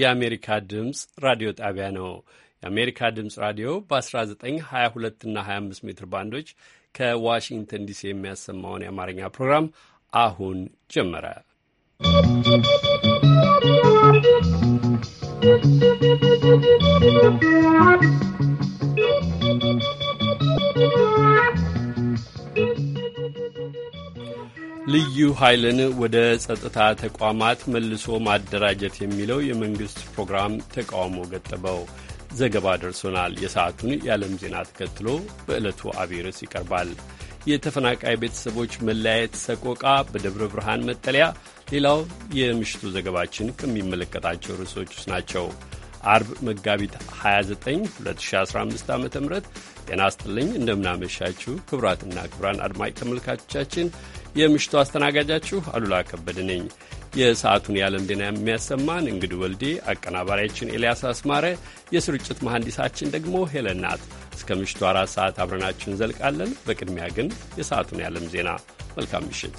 የአሜሪካ ድምፅ ራዲዮ ጣቢያ ነው። የአሜሪካ ድምፅ ራዲዮ በ1922 እና 25 ሜትር ባንዶች ከዋሽንግተን ዲሲ የሚያሰማውን የአማርኛ ፕሮግራም አሁን ጀመረ። ¶¶ ልዩ ኃይልን ወደ ጸጥታ ተቋማት መልሶ ማደራጀት የሚለው የመንግሥት ፕሮግራም ተቃውሞ ገጠበው። ዘገባ ደርሶናል። የሰዓቱን የዓለም ዜና ተከትሎ በዕለቱ አብይ ርዕስ ይቀርባል። የተፈናቃይ ቤተሰቦች መለያየት ሰቆቃ በደብረ ብርሃን መጠለያ ሌላው የምሽቱ ዘገባችን ከሚመለከታቸው ርዕሶች ውስጥ ናቸው። አርብ መጋቢት 29 2015 ዓ ም ጤና ስጥልኝ፣ እንደምናመሻችሁ ክቡራትና ክቡራን አድማጭ ተመልካቾቻችን የምሽቱ አስተናጋጃችሁ አሉላ ከበድ ነኝ። የሰዓቱን የዓለም ዜና የሚያሰማን እንግድ ወልዴ፣ አቀናባሪያችን ኤልያስ አስማረ፣ የስርጭት መሐንዲሳችን ደግሞ ሄለን ናት። እስከ ምሽቱ አራት ሰዓት አብረናችሁ እንዘልቃለን። በቅድሚያ ግን የሰዓቱን የዓለም ዜና። መልካም ምሽት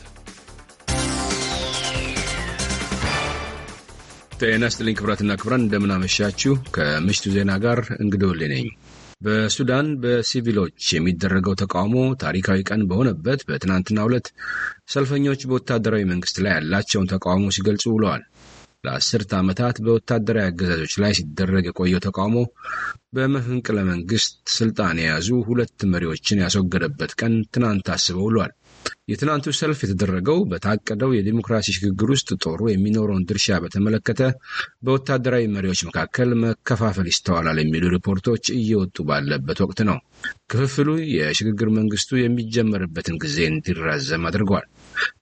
ጤና ስጥልኝ ክቡራትና ክቡራን እንደምናመሻችሁ። ከምሽቱ ዜና ጋር እንግዲህ ወልዴ ነኝ። በሱዳን በሲቪሎች የሚደረገው ተቃውሞ ታሪካዊ ቀን በሆነበት በትናንትናው ዕለት ሰልፈኞች በወታደራዊ መንግስት ላይ ያላቸውን ተቃውሞ ሲገልጹ ውለዋል። ለአስርት ዓመታት በወታደራዊ አገዛዞች ላይ ሲደረግ የቆየው ተቃውሞ በመፈንቅለ መንግስት ስልጣን የያዙ ሁለት መሪዎችን ያስወገደበት ቀን ትናንት አስበው ውሏል። የትናንቱ ሰልፍ የተደረገው በታቀደው የዲሞክራሲ ሽግግር ውስጥ ጦሩ የሚኖረውን ድርሻ በተመለከተ በወታደራዊ መሪዎች መካከል መከፋፈል ይስተዋላል የሚሉ ሪፖርቶች እየወጡ ባለበት ወቅት ነው። ክፍፍሉ የሽግግር መንግስቱ የሚጀመርበትን ጊዜ እንዲራዘም አድርጓል።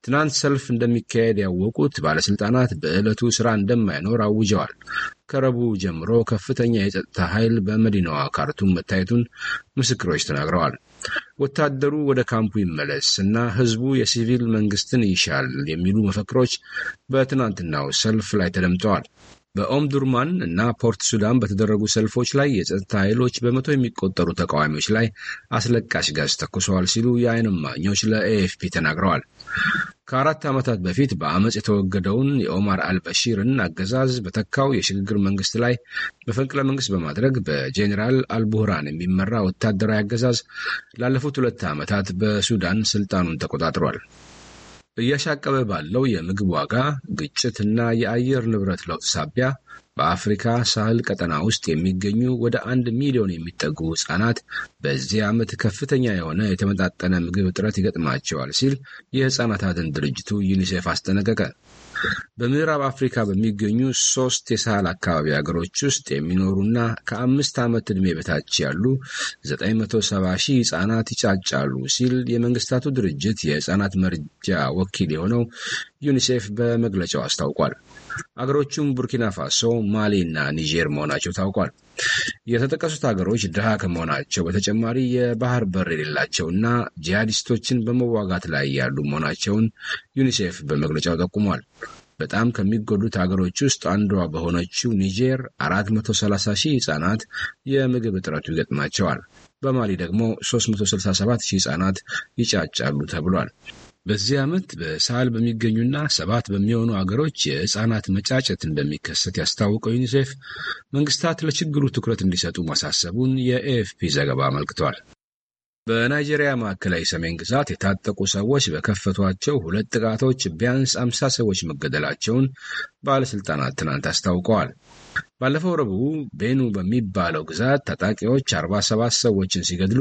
ትናንት ሰልፍ እንደሚካሄድ ያወቁት ባለስልጣናት በዕለቱ ስራ እንደማይኖር አውጀዋል። ከረቡ ጀምሮ ከፍተኛ የጸጥታ ኃይል በመዲናዋ ካርቱም መታየቱን ምስክሮች ተናግረዋል። ወታደሩ ወደ ካምፑ ይመለስ እና ህዝቡ የሲቪል መንግስትን ይሻል የሚሉ መፈክሮች በትናንትናው ሰልፍ ላይ ተደምጠዋል። በኦምዱርማን እና ፖርት ሱዳን በተደረጉ ሰልፎች ላይ የጸጥታ ኃይሎች በመቶ የሚቆጠሩ ተቃዋሚዎች ላይ አስለቃሽ ጋዝ ተኩሰዋል ሲሉ የዓይን እማኞች ለኤኤፍፒ ተናግረዋል። ከአራት ዓመታት በፊት በአመፅ የተወገደውን የኦማር አልበሺርን አገዛዝ በተካው የሽግግር መንግስት ላይ መፈንቅለ መንግስት በማድረግ በጄኔራል አልቡህራን የሚመራ ወታደራዊ አገዛዝ ላለፉት ሁለት ዓመታት በሱዳን ስልጣኑን ተቆጣጥሯል። እያሻቀበ ባለው የምግብ ዋጋ ግጭትና የአየር ንብረት ለውጥ ሳቢያ በአፍሪካ ሳህል ቀጠና ውስጥ የሚገኙ ወደ አንድ ሚሊዮን የሚጠጉ ህጻናት በዚህ ዓመት ከፍተኛ የሆነ የተመጣጠነ ምግብ እጥረት ይገጥማቸዋል ሲል የህጻናት አድን ድርጅቱ ዩኒሴፍ አስጠነቀቀ። በምዕራብ አፍሪካ በሚገኙ ሶስት የሳህል አካባቢ ሀገሮች ውስጥ የሚኖሩና ከአምስት ዓመት ዕድሜ በታች ያሉ 970 ሺህ ህጻናት ይጫጫሉ ሲል የመንግስታቱ ድርጅት የህጻናት መርጃ ወኪል የሆነው ዩኒሴፍ በመግለጫው አስታውቋል። አገሮቹም ቡርኪና ፋሶ፣ ማሊ እና ኒጀር መሆናቸው ታውቋል። የተጠቀሱት አገሮች ድሃ ከመሆናቸው በተጨማሪ የባህር በር የሌላቸውና ጂሃዲስቶችን በመዋጋት ላይ ያሉ መሆናቸውን ዩኒሴፍ በመግለጫው ጠቁሟል። በጣም ከሚጎዱት ሀገሮች ውስጥ አንዷ በሆነችው ኒጀር 430 ሺህ ህጻናት የምግብ እጥረቱ ይገጥማቸዋል። በማሊ ደግሞ 367 ሺህ ህጻናት ይጫጫሉ ተብሏል። በዚህ ዓመት በሳህል በሚገኙና ሰባት በሚሆኑ አገሮች የሕፃናት መጫጨት እንደሚከሰት ያስታወቀው ዩኒሴፍ መንግስታት ለችግሩ ትኩረት እንዲሰጡ ማሳሰቡን የኤኤፍፒ ዘገባ አመልክቷል። በናይጄሪያ ማዕከላዊ ሰሜን ግዛት የታጠቁ ሰዎች በከፈቷቸው ሁለት ጥቃቶች ቢያንስ አምሳ ሰዎች መገደላቸውን ባለሥልጣናት ትናንት አስታውቀዋል። ባለፈው ረቡዕ ቤኑ በሚባለው ግዛት ታጣቂዎች ሰባት ሰዎችን ሲገድሉ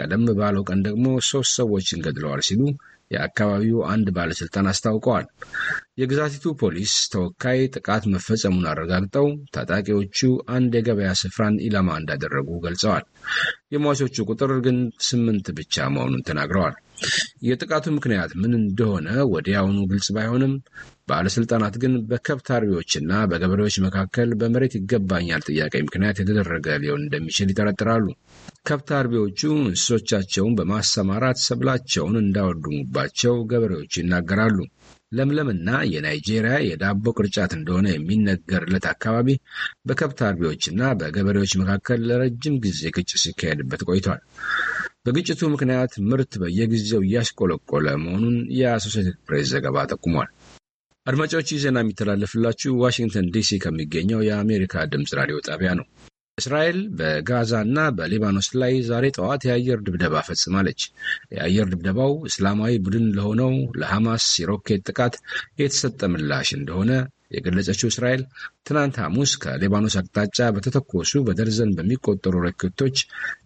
ቀደም ባለው ቀን ደግሞ ሦስት ሰዎችን ገድለዋል ሲሉ የአካባቢው አንድ ባለሥልጣን አስታውቀዋል። የግዛቲቱ ፖሊስ ተወካይ ጥቃት መፈጸሙን አረጋግጠው ታጣቂዎቹ አንድ የገበያ ስፍራን ኢላማ እንዳደረጉ ገልጸዋል። የሟቾቹ ቁጥር ግን ስምንት ብቻ መሆኑን ተናግረዋል። የጥቃቱ ምክንያት ምን እንደሆነ ወዲያውኑ ግልጽ ባይሆንም ባለስልጣናት ግን በከብት አርቢዎችና በገበሬዎች መካከል በመሬት ይገባኛል ጥያቄ ምክንያት የተደረገ ሊሆን እንደሚችል ይጠረጥራሉ። ከብት አርቢዎቹ እንስሶቻቸውን በማሰማራት ሰብላቸውን እንዳወድሙባቸው ገበሬዎቹ ይናገራሉ። ለምለምና የናይጄሪያ የዳቦ ቅርጫት እንደሆነ የሚነገርለት አካባቢ በከብት አርቢዎችና በገበሬዎች መካከል ለረጅም ጊዜ ግጭት ሲካሄድበት ቆይቷል። በግጭቱ ምክንያት ምርት በየጊዜው እያሽቆለቆለ መሆኑን የአሶሴትድ ፕሬስ ዘገባ ጠቁሟል። አድማጮች ይህ ዜና የሚተላለፍላችሁ ዋሽንግተን ዲሲ ከሚገኘው የአሜሪካ ድምፅ ራዲዮ ጣቢያ ነው። እስራኤል በጋዛ እና በሊባኖስ ላይ ዛሬ ጠዋት የአየር ድብደባ ፈጽማለች። የአየር ድብደባው እስላማዊ ቡድን ለሆነው ለሐማስ የሮኬት ጥቃት የተሰጠ ምላሽ እንደሆነ የገለጸችው እስራኤል ትናንት ሐሙስ ከሌባኖስ አቅጣጫ በተተኮሱ በደርዘን በሚቆጠሩ ሮኬቶች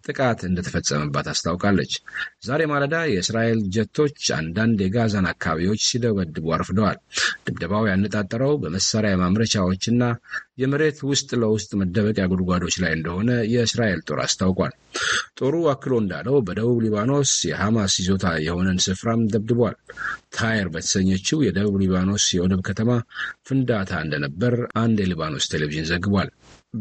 ጥቃት እንደተፈጸመባት አስታውቃለች። ዛሬ ማለዳ የእስራኤል ጀቶች አንዳንድ የጋዛን አካባቢዎች ሲደበድቡ አርፍደዋል። ድብደባው ያነጣጠረው በመሳሪያ ማምረቻዎችና የመሬት ውስጥ ለውስጥ መደበቂያ ጉድጓዶች ላይ እንደሆነ የእስራኤል ጦር አስታውቋል። ጦሩ አክሎ እንዳለው በደቡብ ሊባኖስ የሐማስ ይዞታ የሆነን ስፍራም ደብድቧል። ታይር በተሰኘችው የደቡብ ሊባኖስ የወደብ ከተማ ፍንዳታ እንደነበር አንድ የሊባኖስ ቴሌቪዥን ዘግቧል።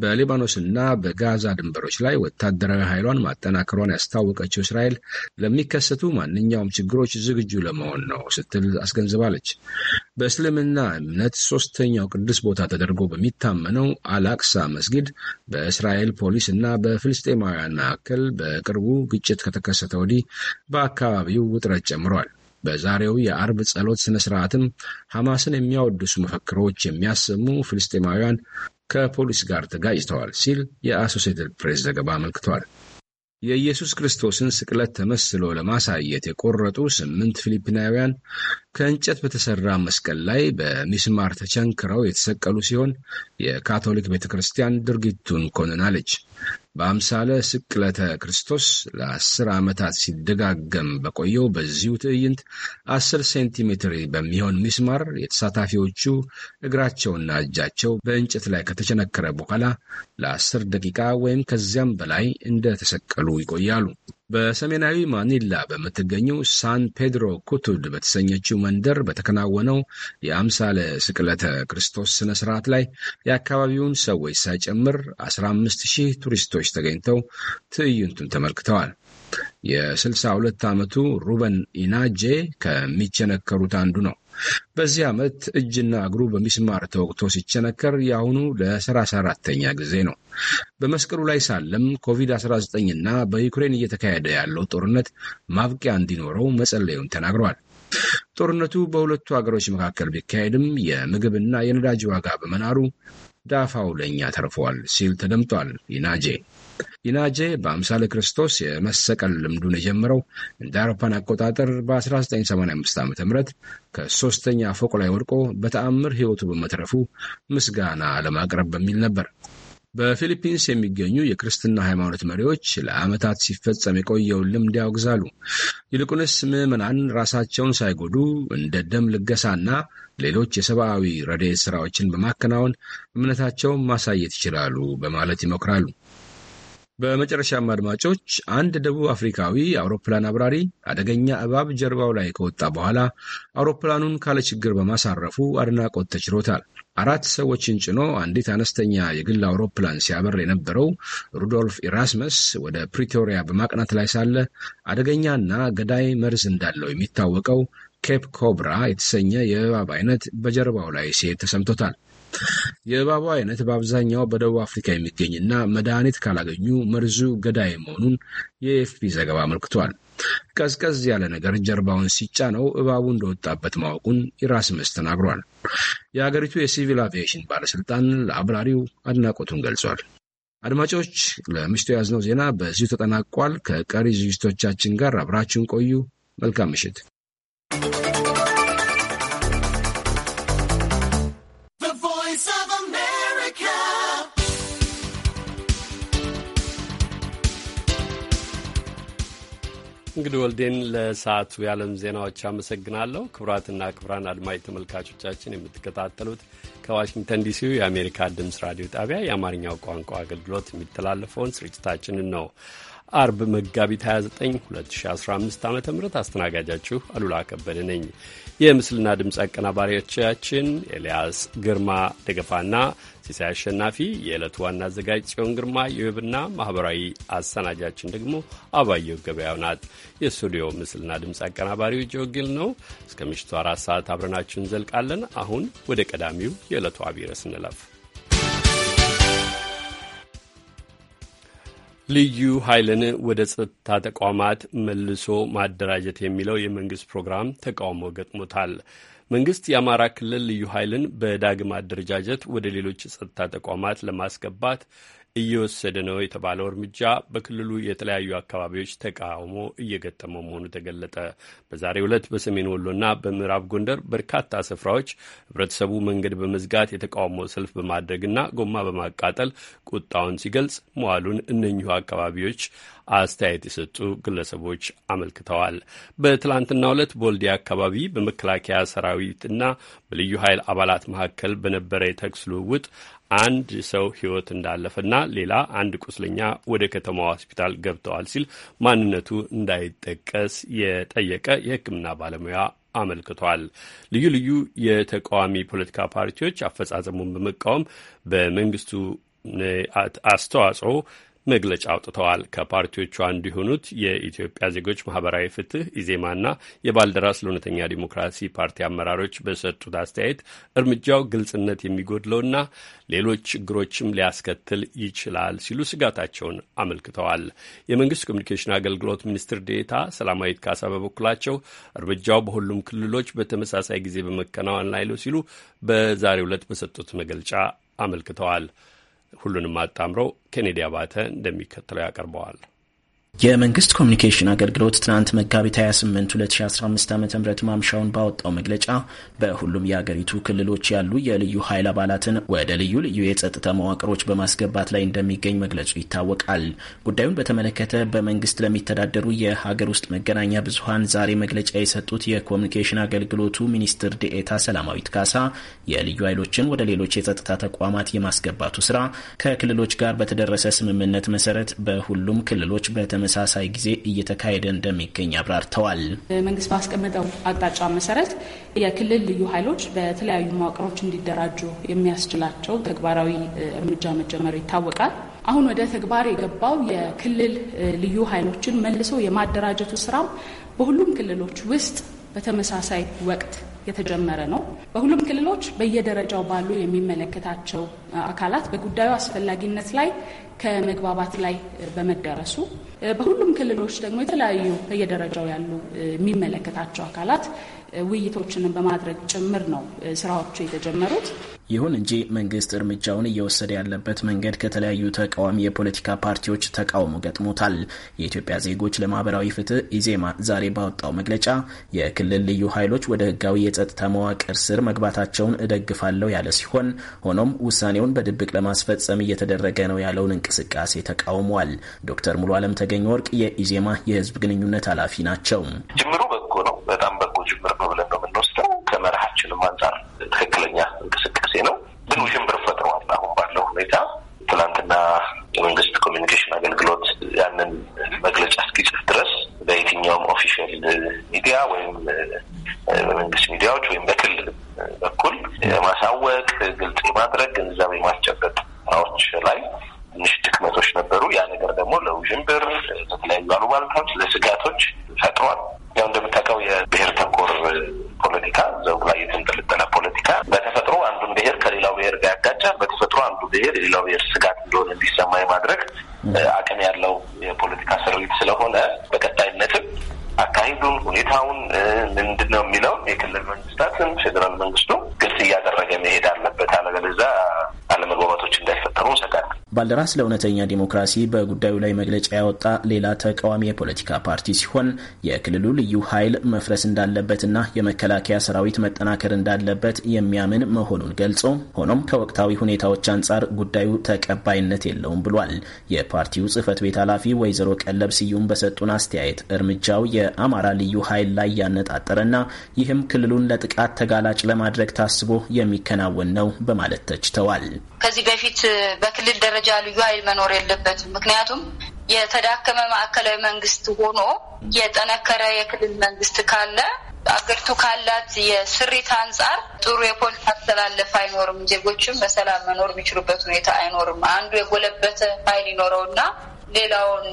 በሊባኖስና በጋዛ ድንበሮች ላይ ወታደራዊ ኃይሏን ማጠናከሯን ያስታወቀችው እስራኤል ለሚከሰቱ ማንኛውም ችግሮች ዝግጁ ለመሆን ነው ስትል አስገንዝባለች። በእስልምና እምነት ሶስተኛው ቅዱስ ቦታ ተደርጎ በሚታመነው አላቅሳ መስጊድ በእስራኤል ፖሊስ እና በፍልስጤማውያን መካከል በቅርቡ ግጭት ከተከሰተ ወዲህ በአካባቢው ውጥረት ጨምሯል። በዛሬው የአርብ ጸሎት ስነ ስርዓትም ሐማስን የሚያወድሱ መፈክሮች የሚያሰሙ ፍልስጤማውያን ከፖሊስ ጋር ተጋጭተዋል ሲል የአሶሴትድ ፕሬስ ዘገባ አመልክቷል። የኢየሱስ ክርስቶስን ስቅለት ተመስሎ ለማሳየት የቆረጡ ስምንት ፊሊፒናውያን ከእንጨት በተሰራ መስቀል ላይ በሚስማር ተቸንክረው የተሰቀሉ ሲሆን የካቶሊክ ቤተ ክርስቲያን ድርጊቱን ኮንናለች። በአምሳለ ስቅለተ ክርስቶስ ለአስር ዓመታት ሲደጋገም በቆየው በዚሁ ትዕይንት አስር ሴንቲሜትር በሚሆን ሚስማር የተሳታፊዎቹ እግራቸውና እጃቸው በእንጨት ላይ ከተቸነከረ በኋላ ለአስር ደቂቃ ወይም ከዚያም በላይ እንደተሰቀሉ ይቆያሉ። በሰሜናዊ ማኒላ በምትገኘው ሳን ፔድሮ ኩቱድ በተሰኘችው መንደር በተከናወነው የአምሳለ ስቅለተ ክርስቶስ ስነ ስርዓት ላይ የአካባቢውን ሰዎች ሳይጨምር 15 ሺህ ቱሪስቶች ተገኝተው ትዕይንቱን ተመልክተዋል። የ62 ዓመቱ ሩበን ኢናጄ ከሚቸነከሩት አንዱ ነው። በዚህ ዓመት እጅና እግሩ በሚስማር ተወቅቶ ሲቸነከር የአሁኑ ለ 34 ጊዜ ነው። በመስቀሉ ላይ ሳለም ኮቪድ-19ና በዩክሬን እየተካሄደ ያለው ጦርነት ማብቂያ እንዲኖረው መጸለዩን ተናግረዋል። ጦርነቱ በሁለቱ አገሮች መካከል ቢካሄድም የምግብና የነዳጅ ዋጋ በመናሩ ዳፋው ለእኛ ተርፈዋል ሲል ተደምጧል። ይናጄ ኢናጄ በአምሳለ ክርስቶስ የመሰቀል ልምዱን የጀመረው እንደ አውሮፓን አቆጣጠር በ1985 ዓ ም ከሶስተኛ ፎቅ ላይ ወድቆ በተአምር ሕይወቱ በመትረፉ ምስጋና ለማቅረብ በሚል ነበር። በፊሊፒንስ የሚገኙ የክርስትና ሃይማኖት መሪዎች ለዓመታት ሲፈጸም የቆየውን ልምድ ያወግዛሉ። ይልቁንስ ምዕመናን ራሳቸውን ሳይጎዱ እንደ ደም ልገሳና ሌሎች የሰብአዊ ረድኤት ስራዎችን በማከናወን እምነታቸውን ማሳየት ይችላሉ በማለት ይመክራሉ። በመጨረሻም አድማጮች አንድ ደቡብ አፍሪካዊ አውሮፕላን አብራሪ አደገኛ እባብ ጀርባው ላይ ከወጣ በኋላ አውሮፕላኑን ካለ ችግር በማሳረፉ አድናቆት ተችሮታል። አራት ሰዎችን ጭኖ አንዲት አነስተኛ የግል አውሮፕላን ሲያበር የነበረው ሩዶልፍ ኢራስመስ ወደ ፕሪቶሪያ በማቅናት ላይ ሳለ አደገኛና ገዳይ መርዝ እንዳለው የሚታወቀው ኬፕ ኮብራ የተሰኘ የእባብ አይነት በጀርባው ላይ ሴት ተሰምቶታል። የእባቡ አይነት በአብዛኛው በደቡብ አፍሪካ የሚገኝና መድኃኒት ካላገኙ መርዙ ገዳይ መሆኑን የኤፍፒ ዘገባ አመልክቷል። ቀዝቀዝ ያለ ነገር ጀርባውን ሲጫነው እባቡ እንደወጣበት ማወቁን ኢራስመስ ተናግሯል። የአገሪቱ የሲቪል አቪዬሽን ባለስልጣን ለአብራሪው አድናቆቱን ገልጿል። አድማጮች፣ ለምሽቱ የያዝነው ዜና በዚሁ ተጠናቋል። ከቀሪ ዝግጅቶቻችን ጋር አብራችሁን ቆዩ። መልካም ምሽት። እንግዲህ ወልዴን ለሰዓቱ የዓለም ዜናዎች አመሰግናለሁ። ክቡራትና ክቡራን አድማጭ ተመልካቾቻችን የምትከታተሉት ከዋሽንግተን ዲሲው የአሜሪካ ድምፅ ራዲዮ ጣቢያ የአማርኛው ቋንቋ አገልግሎት የሚተላለፈውን ስርጭታችንን ነው። አርብ መጋቢት 29 2015 ዓ ም አስተናጋጃችሁ አሉላ ከበደ ነኝ። የምስልና ድምፅ አቀናባሪዎቻችን ኤልያስ ግርማ ደገፋና ሲሳይ አሸናፊ፣ የዕለቱ ዋና አዘጋጅ ጽዮን ግርማ፣ የዌብና ማኅበራዊ አሰናጃችን ደግሞ አባየው ገበያው ናት። የስቱዲዮ ምስልና ድምፅ አቀናባሪው ጆግል ነው። እስከ ምሽቱ አራት ሰዓት አብረናችሁ እንዘልቃለን። አሁን ወደ ቀዳሚው የዕለቱ አቢይ እንለፍ። ልዩ ኃይልን ወደ ጸጥታ ተቋማት መልሶ ማደራጀት የሚለው የመንግስት ፕሮግራም ተቃውሞ ገጥሞታል። መንግስት የአማራ ክልል ልዩ ኃይልን በዳግም አደረጃጀት ወደ ሌሎች የጸጥታ ተቋማት ለማስገባት እየወሰደ ነው የተባለው እርምጃ በክልሉ የተለያዩ አካባቢዎች ተቃውሞ እየገጠመው መሆኑ ተገለጠ። በዛሬ ዕለት በሰሜን ወሎና በምዕራብ ጎንደር በርካታ ስፍራዎች ህብረተሰቡ መንገድ በመዝጋት የተቃውሞ ሰልፍ በማድረግና ጎማ በማቃጠል ቁጣውን ሲገልጽ መዋሉን እነኚሁ አካባቢዎች አስተያየት የሰጡ ግለሰቦች አመልክተዋል። በትላንትናው ዕለት በወልዲያ አካባቢ በመከላከያ ሰራዊትና በልዩ ኃይል አባላት መካከል በነበረ የተኩስ ልውውጥ አንድ ሰው ሕይወት እንዳለፈና ሌላ አንድ ቁስለኛ ወደ ከተማዋ ሆስፒታል ገብተዋል ሲል ማንነቱ እንዳይጠቀስ የጠየቀ የሕክምና ባለሙያ አመልክቷል። ልዩ ልዩ የተቃዋሚ ፖለቲካ ፓርቲዎች አፈጻጸሙን በመቃወም በመንግስቱ አስተዋጽኦ መግለጫ አውጥተዋል። ከፓርቲዎቹ አንዱ የሆኑት የኢትዮጵያ ዜጎች ማህበራዊ ፍትህ ኢዜማና የባልደራስ ለእውነተኛ ዲሞክራሲ ፓርቲ አመራሮች በሰጡት አስተያየት እርምጃው ግልጽነት የሚጎድለውና ሌሎች ችግሮችም ሊያስከትል ይችላል ሲሉ ስጋታቸውን አመልክተዋል። የመንግስት ኮሚኒኬሽን አገልግሎት ሚኒስትር ዴታ ሰላማዊት ካሳ በበኩላቸው እርምጃው በሁሉም ክልሎች በተመሳሳይ ጊዜ በመከናወን ላይ ነው ሲሉ በዛሬው ዕለት በሰጡት መግለጫ አመልክተዋል። ሁሉንም አጣምረው ኬኔዲ አባተ እንደሚከተለው ያቀርበዋል። የመንግስት ኮሚኒኬሽን አገልግሎት ትናንት መጋቢት 28 2015 ዓ ም ማምሻውን ባወጣው መግለጫ በሁሉም የአገሪቱ ክልሎች ያሉ የልዩ ኃይል አባላትን ወደ ልዩ ልዩ የጸጥታ መዋቅሮች በማስገባት ላይ እንደሚገኝ መግለጹ ይታወቃል። ጉዳዩን በተመለከተ በመንግስት ለሚተዳደሩ የሀገር ውስጥ መገናኛ ብዙሀን ዛሬ መግለጫ የሰጡት የኮሚኒኬሽን አገልግሎቱ ሚኒስትር ዴኤታ ሰላማዊት ካሳ የልዩ ኃይሎችን ወደ ሌሎች የጸጥታ ተቋማት የማስገባቱ ስራ ከክልሎች ጋር በተደረሰ ስምምነት መሰረት በሁሉም ክልሎች በተ በተመሳሳይ ጊዜ እየተካሄደ እንደሚገኝ አብራርተዋል። መንግስት ባስቀመጠው አቅጣጫ መሰረት የክልል ልዩ ኃይሎች በተለያዩ መዋቅሮች እንዲደራጁ የሚያስችላቸው ተግባራዊ እርምጃ መጀመሩ ይታወቃል። አሁን ወደ ተግባር የገባው የክልል ልዩ ኃይሎችን መልሶ የማደራጀቱ ስራም በሁሉም ክልሎች ውስጥ በተመሳሳይ ወቅት የተጀመረ ነው። በሁሉም ክልሎች በየደረጃው ባሉ የሚመለከታቸው አካላት በጉዳዩ አስፈላጊነት ላይ ከመግባባት ላይ በመደረሱ በሁሉም ክልሎች ደግሞ የተለያዩ በየደረጃው ያሉ የሚመለከታቸው አካላት ውይይቶችንም በማድረግ ጭምር ነው ስራዎቹ የተጀመሩት። ይሁን እንጂ መንግስት እርምጃውን እየወሰደ ያለበት መንገድ ከተለያዩ ተቃዋሚ የፖለቲካ ፓርቲዎች ተቃውሞ ገጥሞታል። የኢትዮጵያ ዜጎች ለማህበራዊ ፍትህ ኢዜማ ዛሬ ባወጣው መግለጫ የክልል ልዩ ኃይሎች ወደ ህጋዊ የጸጥታ መዋቅር ስር መግባታቸውን እደግፋለሁ ያለ ሲሆን ሆኖም ውሳኔውን በድብቅ ለማስፈጸም እየተደረገ ነው ያለውን እንቅስቃሴ ተቃውሟል። ዶክተር ሙሉ አለም ተገኘ ወርቅ የኢዜማ የህዝብ ግንኙነት ኃላፊ ናቸው። ጅምሩ በጎ ነው። ውዥንብር ነው ብለን ነው የምንወስደው። ከመርሃችንም አንጻር ትክክለኛ እንቅስቃሴ ነው፣ ግን ውዥንብር ፈጥሯል። አሁን ባለው ሁኔታ ትናንትና የመንግስት ኮሚኒኬሽን አገልግሎት ያንን መግለጫ እስኪጽፍ ድረስ በየትኛውም ኦፊሻል ሚዲያ ወይም በመንግስት ሚዲያዎች ወይም በክልል በኩል የማሳወቅ ግልጽ የማድረግ ራስ ለእውነተኛ ዲሞክራሲ በጉዳዩ ላይ መግለጫ ያወጣ ሌላ ተቃዋሚ የፖለቲካ ፓርቲ ሲሆን የክልሉ ልዩ ኃይል መፍረስ እንዳለበትና የመከላከያ ሰራዊት መጠናከር እንዳለበት የሚያምን መሆኑን ገልጾ ሆኖም ከወቅታዊ ሁኔታዎች አንጻር ጉዳዩ ተቀባይነት የለውም ብሏል። የፓርቲው ጽህፈት ቤት ኃላፊ ወይዘሮ ቀለብ ስዩም በሰጡን አስተያየት እርምጃው የአማራ ልዩ ኃይል ላይ ያነጣጠረና ይህም ክልሉን ለጥቃት ተጋላጭ ለማድረግ ታስቦ የሚከናወን ነው በማለት ተችተዋል። ከዚህ በፊት በክልል ደረጃ ያሉ ልዩ ኃይል መኖር የለበትም። ምክንያቱም የተዳከመ ማዕከላዊ መንግስት ሆኖ የጠነከረ የክልል መንግስት ካለ አገሪቱ ካላት የስሪት አንጻር ጥሩ የፖለቲካ አስተላለፍ አይኖርም። ዜጎችም በሰላም መኖር የሚችሉበት ሁኔታ አይኖርም። አንዱ የጎለበተ ኃይል ይኖረውና ሌላውን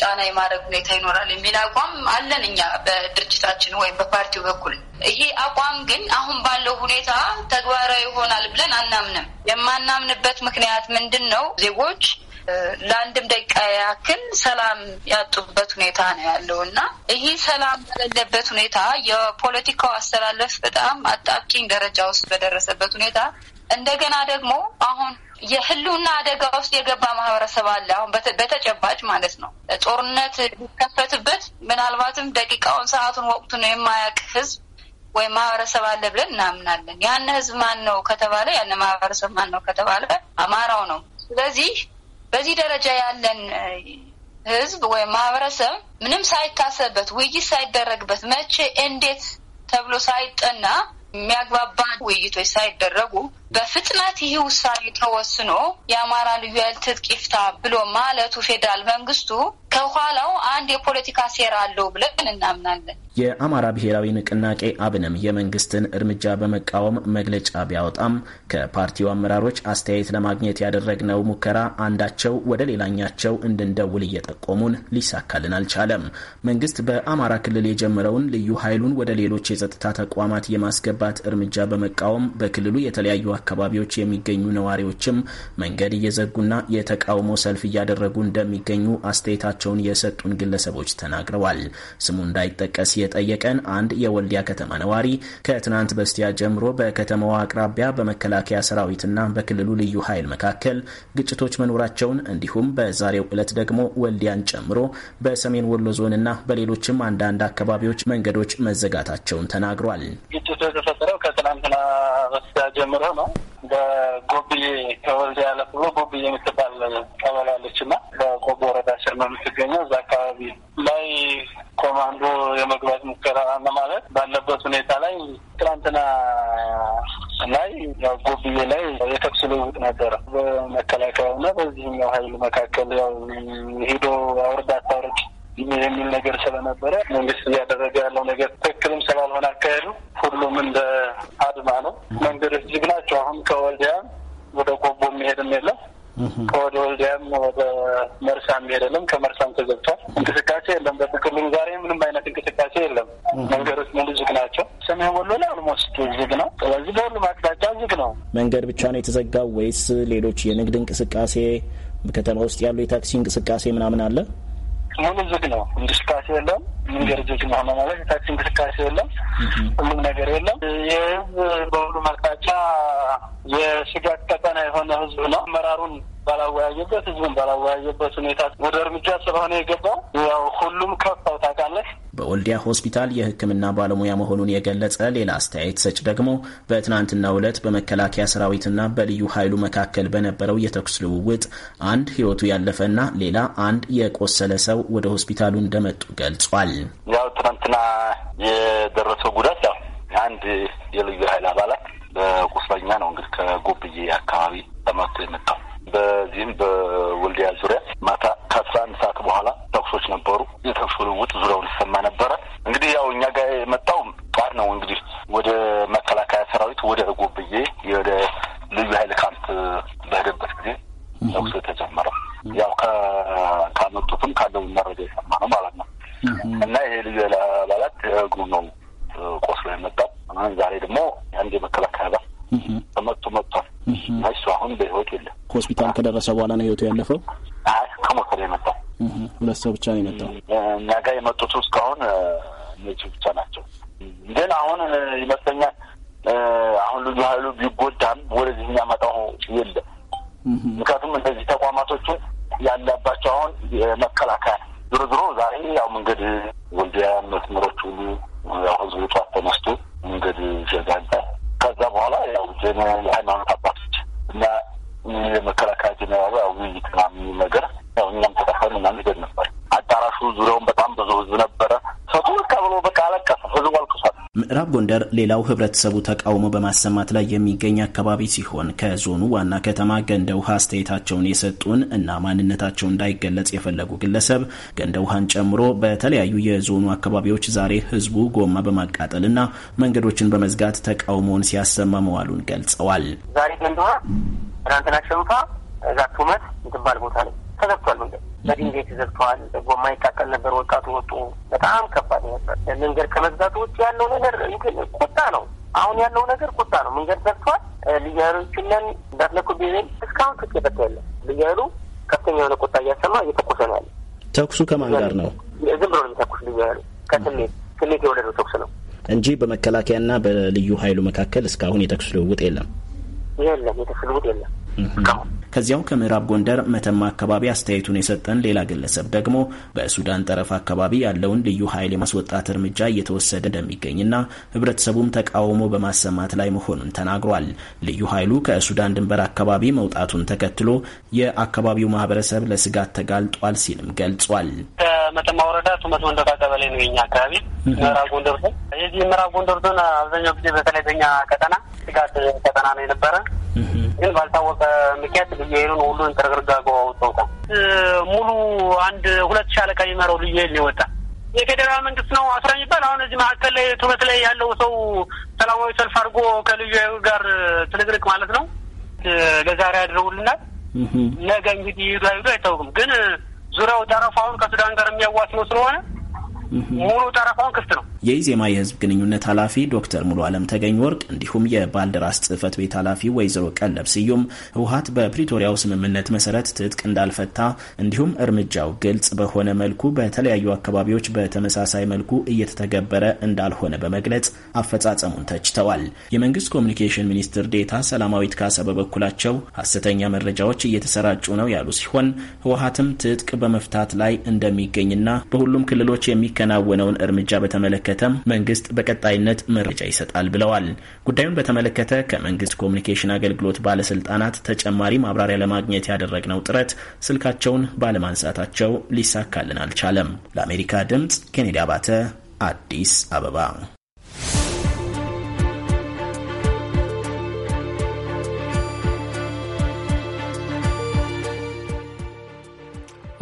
ጫና የማድረግ ሁኔታ ይኖራል የሚል አቋም አለን እኛ በድርጅታችን ወይም በፓርቲው በኩል። ይሄ አቋም ግን አሁን ባለው ሁኔታ ተግባራዊ ይሆናል ብለን አናምንም። የማናምንበት ምክንያት ምንድን ነው? ዜጎች ለአንድም ደቂቃ ያክል ሰላም ያጡበት ሁኔታ ነው ያለው እና ይሄ ሰላም በሌለበት ሁኔታ የፖለቲካው አስተላለፍ በጣም አጣብቂኝ ደረጃ ውስጥ በደረሰበት ሁኔታ እንደገና ደግሞ አሁን የህልውና አደጋ ውስጥ የገባ ማህበረሰብ አለ። አሁን በተጨባጭ ማለት ነው። ጦርነት ሊከፈትበት ምናልባትም ደቂቃውን፣ ሰዓቱን፣ ወቅቱን የማያውቅ ህዝብ ወይም ማህበረሰብ አለ ብለን እናምናለን። ያን ህዝብ ማን ነው ከተባለ፣ ያን ማህበረሰብ ማን ነው ከተባለ አማራው ነው። ስለዚህ በዚህ ደረጃ ያለን ህዝብ ወይም ማህበረሰብ ምንም ሳይታሰብበት ውይይት ሳይደረግበት መቼ እንዴት ተብሎ ሳይጠና የሚያግባባ ውይይቶች ሳይደረጉ በፍጥነት ይህ ውሳኔ ተወስኖ የአማራ ልዩ ኃይል ትጥቅ ይፍታ ብሎ ማለቱ ፌዴራል መንግስቱ ከኋላው አንድ የፖለቲካ ሴራ አለው ብለን እናምናለን። የአማራ ብሔራዊ ንቅናቄ አብንም የመንግስትን እርምጃ በመቃወም መግለጫ ቢያወጣም ከፓርቲው አመራሮች አስተያየት ለማግኘት ያደረግነው ሙከራ አንዳቸው ወደ ሌላኛቸው እንድንደውል እየጠቆሙን ሊሳካልን አልቻለም። መንግስት በአማራ ክልል የጀመረውን ልዩ ኃይሉን ወደ ሌሎች የጸጥታ ተቋማት የማስገባት እርምጃ በመቃወም በክልሉ የተለያዩ አካባቢዎች የሚገኙ ነዋሪዎችም መንገድ እየዘጉና የተቃውሞ ሰልፍ እያደረጉ እንደሚገኙ አስተያየታቸውን የሰጡን ግለሰቦች ተናግረዋል። ስሙ እንዳይጠቀስ የጠየቀን አንድ የወልዲያ ከተማ ነዋሪ ከትናንት በስቲያ ጀምሮ በከተማዋ አቅራቢያ በመከላከያ ሰራዊትና በክልሉ ልዩ ኃይል መካከል ግጭቶች መኖራቸውን እንዲሁም በዛሬው ዕለት ደግሞ ወልዲያን ጨምሮ በሰሜን ወሎ ዞንና በሌሎችም አንዳንድ አካባቢዎች መንገዶች መዘጋታቸውን ተናግሯል። ግጭቱ የተፈጠረው ከትናንትና በስቲያ ጀምሮ ነው። በጎብዬ ከወልዲያ ያለፍ ብሎ ጎብዬ የምትባል ቀበሌ አለች እና በቆቦ ወረዳ ስር ነው የምትገኘው። እዛ አካባቢ ላይ ኮማንዶ የመግባት ሙከራ ማለት ባለበት ሁኔታ ላይ ትናንትና ላይ ያው ጎብዬ ላይ የተኩስ ልውውጥ ነበረ በመከላከያው በመከላከያውና በዚህኛው ኃይል መካከል ያው ሂዶ አውርድ አታውርድ የሚል ነገር ስለነበረ መንግስት እያደረገ ያለው ነገር ትክክልም ስላልሆነ አካሄዱ ሁሉም እንደ እጅግ ናቸው። አሁን ከወልዲያ ወደ ቆቦ የሚሄድም የለም ከወደ ወልዲያም ወደ መርሳ የሚሄድ የለም። ከመርሳም ተዘግቷል። እንቅስቃሴ የለም። በጥቅሉ ዛሬ ምንም አይነት እንቅስቃሴ የለም። መንገዶች ሙሉ ዝግ ናቸው። ሰሜን ወሎ ላይ አልሞስት ዝግ ነው። ስለዚህ በሁሉም አቅጣጫ ዝግ ነው። መንገድ ብቻ ነው የተዘጋው ወይስ ሌሎች የንግድ እንቅስቃሴ ከተማ ውስጥ ያሉ የታክሲ እንቅስቃሴ ምናምን አለ? ሙሉ ዝግ ነው። እንቅስቃሴ የለም። መንገድ ዝግ ነው ሆነ ማለት የታክሲ እንቅስቃሴ የለም። ሁሉም ነገር የለም። የህዝብ በሁሉም አቅጣጫ የስጋት ቀጠና የሆነ ህዝብ ነው። አመራሩን ባላወያየበት ህዝቡን ባላወያየበት ሁኔታ ወደ እርምጃ ስለሆነ የገባው ያው ሁሉም ከፋው ታውቃለህ። በወልዲያ ሆስፒታል የሕክምና ባለሙያ መሆኑን የገለጸ ሌላ አስተያየት ሰጭ ደግሞ በትናንትናው ዕለት በመከላከያ ሰራዊትና በልዩ ኃይሉ መካከል በነበረው የተኩስ ልውውጥ አንድ ህይወቱ ያለፈና ሌላ አንድ የቆሰለ ሰው ወደ ሆስፒታሉ እንደመጡ ገልጿል። ያው ትናንትና የደረሰው ጉዳት ያው አንድ የልዩ ኃይል አባላት በቁስለኛ ነው እንግዲህ ከጎብዬ አካባቢ ተመቶ የመጣው በዚህም በወልዲያ ዙሪያ ማታ ከአስራ አንድ ሰዓት በኋላ ተኩሶች ነበሩ። የተኩሱ ልውውጥ ዙሪያውን ይሰማ ነበረ። እንግዲህ ያው እኛ ጋር የመጣው ጧት ነው። እንግዲህ ወደ መከላከያ ሰራዊት ወደ ጎብዬ ወደ ልዩ ኃይል ካምፕ በሄደበት ጊዜ ተኩስ የተጀመረው ያው ካመጡትም ካለው መረጃ የሰማ ነው ማለት ነው። እና ይሄ ልዩ ኃይል አባላት እግሩ ነው ቆስሎ የመጣው። ዛሬ ደግሞ አንድ የመከላከያ አባል ተመቶ መጥቷል። እሱ አሁን በህይወት የለም። ከሆስፒታል ከደረሰ በኋላ ነው ህይወቱ ያለፈው። አይ ከሞተ ነው የመጣው። ሁለት ሰው ብቻ ነው የመጣው። እኛ ጋር የመጡት እስካሁን እነዚህ ብቻ ናቸው። ግን አሁን ይመስለኛል አሁን ልጁ ሀይሉ ቢጎዳም ወደዚህ የሚያመጣው የለም። ምክንያቱም እንደዚህ ተቋማቶቹን ያለባቸው አሁን መከላከያ ዞሮ ዞሮ ዛሬ ያው መንገድ ወልዲያ መስመሮች ሁሉ ያው ህዝቡ ጧት ተነስቶ መንገድ ዘጋጋ ከዛ በኋላ ያው የሃይማኖት አባቶች እና የመከላከያ ጀኔራሉ ያው ውይይት ምናምን ነገር ያው እኛም ተጠፈን ምናምን ሄደን ነበር። አዳራሹ ዙሪያውን በጣም ብዙ ህዝብ ነበረ። ሰቱ በቃ ብሎ በቃ አለቀሰ። ህዝቡ አልቅሷል። ምዕራብ ጎንደር ሌላው ህብረተሰቡ ተቃውሞ በማሰማት ላይ የሚገኝ አካባቢ ሲሆን ከዞኑ ዋና ከተማ ገንደ ውሃ አስተያየታቸውን የሰጡን እና ማንነታቸው እንዳይገለጽ የፈለጉ ግለሰብ ገንደ ውሃን ጨምሮ በተለያዩ የዞኑ አካባቢዎች ዛሬ ህዝቡ ጎማ በማቃጠልና መንገዶችን በመዝጋት ተቃውሞውን ሲያሰማ መዋሉን ገልጸዋል። ዛሬ ገንደ ውሃ ትናንትና ሸንፋ እዛ ቱመት የምትባል ቦታ ላይ ተዘግቷል መንገድ በድንጋይ ተዘግተዋል። ጎማ ይቃጠል ነበር። ወጣቱ ወጡ። በጣም ከባድ ነበር። መንገድ ከመዝጋቱ ውጭ ያለው ነገር ቁጣ ነው። አሁን ያለው ነገር ቁጣ ነው። መንገድ ዘግቷል። ልዩ ኃይሎችን ነን እንዳትለኩ እስካሁን ክት የበታ የለም። ልዩ ኃይሉ ከፍተኛ የሆነ ቁጣ እያሰማ እየተኮሰ ነው ያለ። ተኩሱ ከማን ጋር ነው? ዝም ብሎ የሚተኩስ ልዩ ኃይሉ ከስሜት ስሜት የወለደው ተኩስ ነው እንጂ በመከላከያና በልዩ ኃይሉ መካከል እስካሁን የተኩስ ልውውጥ የለም። የለም የተኩስ ልውውጥ የለም። ከዚያው ከምዕራብ ጎንደር መተማ አካባቢ አስተያየቱን የሰጠን ሌላ ግለሰብ ደግሞ በሱዳን ጠረፍ አካባቢ ያለውን ልዩ ኃይል የማስወጣት እርምጃ እየተወሰደ እንደሚገኝና ህብረተሰቡም ተቃውሞ በማሰማት ላይ መሆኑን ተናግሯል። ልዩ ኃይሉ ከሱዳን ድንበር አካባቢ መውጣቱን ተከትሎ የአካባቢው ማህበረሰብ ለስጋት ተጋልጧል ሲልም ገልጿል። ከመተማ ወረዳ ቱመት መንደታ ቀበሌ ነው የኛ አካባቢ ምዕራብ ጎንደር ዞን። የዚህ ምዕራብ ጎንደር ዞን አብዛኛው ጊዜ በተለይ በኛ ቀጠና ስጋት ቀጠና ነው የነበረ ግን ባልታወቀ ምክንያት ልዩ ኃይሉን ሁሉን ተረግርጋጎ አውጥተውታል። ሙሉ አንድ ሁለት ሻለቃ የሚመራው ልዩ ኃይል ነው የወጣ የፌዴራል መንግስት ነው አስራ የሚባል አሁን እዚህ መካከል ላይ ቱበት ላይ ያለው ሰው ሰላማዊ ሰልፍ አድርጎ ከልዩ ኃይሉ ጋር ትንቅንቅ ማለት ነው ለዛሬ ያድረውልናል። ነገ እንግዲህ ይሉ አይሉ አይታወቅም። ግን ዙሪያው ጠረፋውን ከሱዳን ጋር የሚያዋስነው ስለሆነ ሙሉ ጠረፋውን ክፍት ነው። የኢዜማ የህዝብ ግንኙነት ኃላፊ ዶክተር ሙሉ አለም ተገኝ ወርቅ እንዲሁም የባልደራስ ጽህፈት ቤት ኃላፊ ወይዘሮ ቀለብ ስዩም ህወሀት በፕሪቶሪያው ስምምነት መሰረት ትጥቅ እንዳልፈታ እንዲሁም እርምጃው ግልጽ በሆነ መልኩ በተለያዩ አካባቢዎች በተመሳሳይ መልኩ እየተተገበረ እንዳልሆነ በመግለጽ አፈጻጸሙን ተችተዋል። የመንግስት ኮሚኒኬሽን ሚኒስትር ዴታ ሰላማዊት ካሳ በበኩላቸው ሀሰተኛ መረጃዎች እየተሰራጩ ነው ያሉ ሲሆን ህወሀትም ትጥቅ በመፍታት ላይ እንደሚገኝና በሁሉም ክልሎች የሚከናወነውን እርምጃ በተመለከተ በተመለከተም መንግስት በቀጣይነት መረጃ ይሰጣል ብለዋል። ጉዳዩን በተመለከተ ከመንግስት ኮሚኒኬሽን አገልግሎት ባለስልጣናት ተጨማሪ ማብራሪያ ለማግኘት ያደረግነው ጥረት ስልካቸውን ባለማንሳታቸው ሊሳካልን አልቻለም። ለአሜሪካ ድምጽ ኬኔዲ አባተ አዲስ አበባ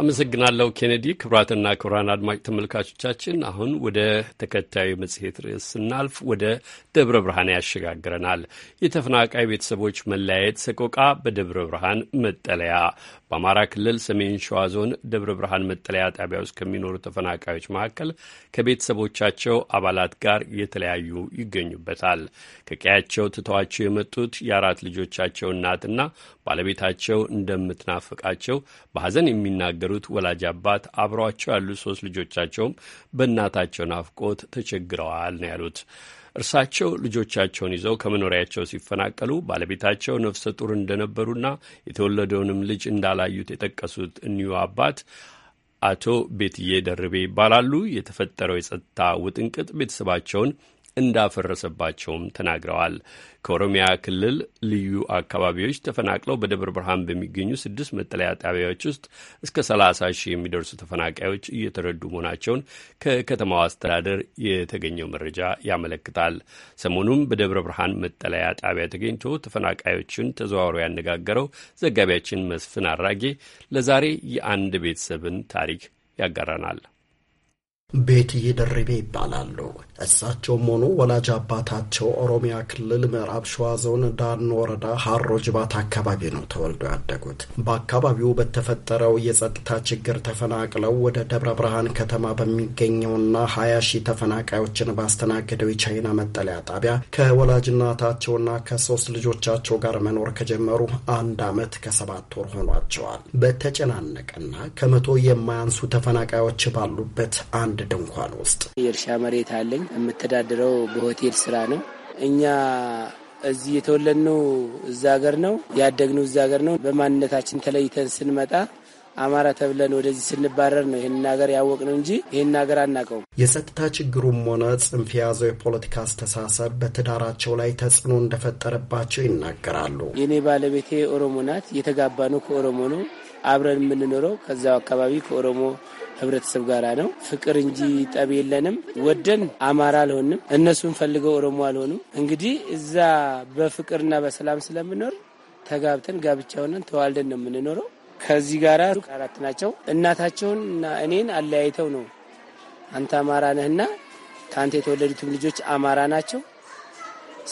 አመሰግናለሁ ኬኔዲ። ክብራትና ክብራን አድማጭ ተመልካቾቻችን አሁን ወደ ተከታዩ መጽሔት ርዕስ ስናልፍ ወደ ደብረ ብርሃን ያሸጋግረናል። የተፈናቃይ ቤተሰቦች መለያየት ሰቆቃ በደብረ ብርሃን መጠለያ በአማራ ክልል ሰሜን ሸዋ ዞን ደብረ ብርሃን መጠለያ ጣቢያ ውስጥ ከሚኖሩ ተፈናቃዮች መካከል ከቤተሰቦቻቸው አባላት ጋር የተለያዩ ይገኙበታል። ከቀያቸው ትተዋቸው የመጡት የአራት ልጆቻቸው እናትና ባለቤታቸው እንደምትናፍቃቸው በሐዘን የሚናገሩት ወላጅ አባት አብረዋቸው ያሉ ሶስት ልጆቻቸውም በእናታቸው ናፍቆት ተቸግረዋል ነው ያሉት። እርሳቸው ልጆቻቸውን ይዘው ከመኖሪያቸው ሲፈናቀሉ ባለቤታቸው ነፍሰ ጡር እንደነበሩና የተወለደውንም ልጅ እንዳላዩት የጠቀሱት እኒሁ አባት አቶ ቤትዬ ደርቤ ይባላሉ። የተፈጠረው የጸጥታ ውጥንቅጥ ቤተሰባቸውን እንዳፈረሰባቸውም ተናግረዋል። ከኦሮሚያ ክልል ልዩ አካባቢዎች ተፈናቅለው በደብረ ብርሃን በሚገኙ ስድስት መጠለያ ጣቢያዎች ውስጥ እስከ 30 ሺህ የሚደርሱ ተፈናቃዮች እየተረዱ መሆናቸውን ከከተማው አስተዳደር የተገኘው መረጃ ያመለክታል። ሰሞኑም በደብረ ብርሃን መጠለያ ጣቢያ ተገኝቶ ተፈናቃዮችን ተዘዋውሮ ያነጋገረው ዘጋቢያችን መስፍን አራጌ ለዛሬ የአንድ ቤተሰብን ታሪክ ያጋራናል። ቤትዬ ደርቤ ይባላሉ። እሳቸውም ሆኑ ወላጅ አባታቸው ኦሮሚያ ክልል ምዕራብ ሸዋ ዞን ዳኖ ወረዳ ሀሮ ጅባት አካባቢ ነው ተወልዶ ያደጉት። በአካባቢው በተፈጠረው የጸጥታ ችግር ተፈናቅለው ወደ ደብረ ብርሃን ከተማ በሚገኘውና ሀያ ሺህ ተፈናቃዮችን ባስተናገደው የቻይና መጠለያ ጣቢያ ከወላጅናታቸውና ከሶስት ልጆቻቸው ጋር መኖር ከጀመሩ አንድ አመት ከሰባት ወር ሆኗቸዋል። በተጨናነቀና ከመቶ የማያንሱ ተፈናቃዮች ባሉበት አንድ አንድ ድንኳን ውስጥ የእርሻ መሬት አለኝ። የምተዳድረው በሆቴል ስራ ነው። እኛ እዚህ የተወለድነው እዛ ሀገር ነው ያደግነው እዛ ሀገር ነው። በማንነታችን ተለይተን ስንመጣ አማራ ተብለን ወደዚህ ስንባረር ነው ይህን ሀገር ያወቅነው እንጂ ይህን ሀገር አናውቀውም። የጸጥታ ችግሩም ሆነ ጽንፍ የያዘው የፖለቲካ አስተሳሰብ በትዳራቸው ላይ ተጽዕኖ እንደፈጠረባቸው ይናገራሉ። የእኔ ባለቤቴ ኦሮሞ ናት። የተጋባ ነው ከኦሮሞ ነው አብረን የምንኖረው ከዛው አካባቢ ከኦሮሞ ህብረተሰብ ጋር ነው። ፍቅር እንጂ ጠብ የለንም። ወደን አማራ አልሆንም፣ እነሱን ፈልገው ኦሮሞ አልሆኑም። እንግዲህ እዛ በፍቅርና በሰላም ስለምኖር ተጋብተን ጋብቻ ሆነን ተዋልደን ነው የምንኖረው። ከዚህ ጋራ አራት ናቸው። እናታቸውን እና እኔን አለያይተው ነው አንተ አማራ ነህና ከአንተ የተወለዱትም ልጆች አማራ ናቸው፣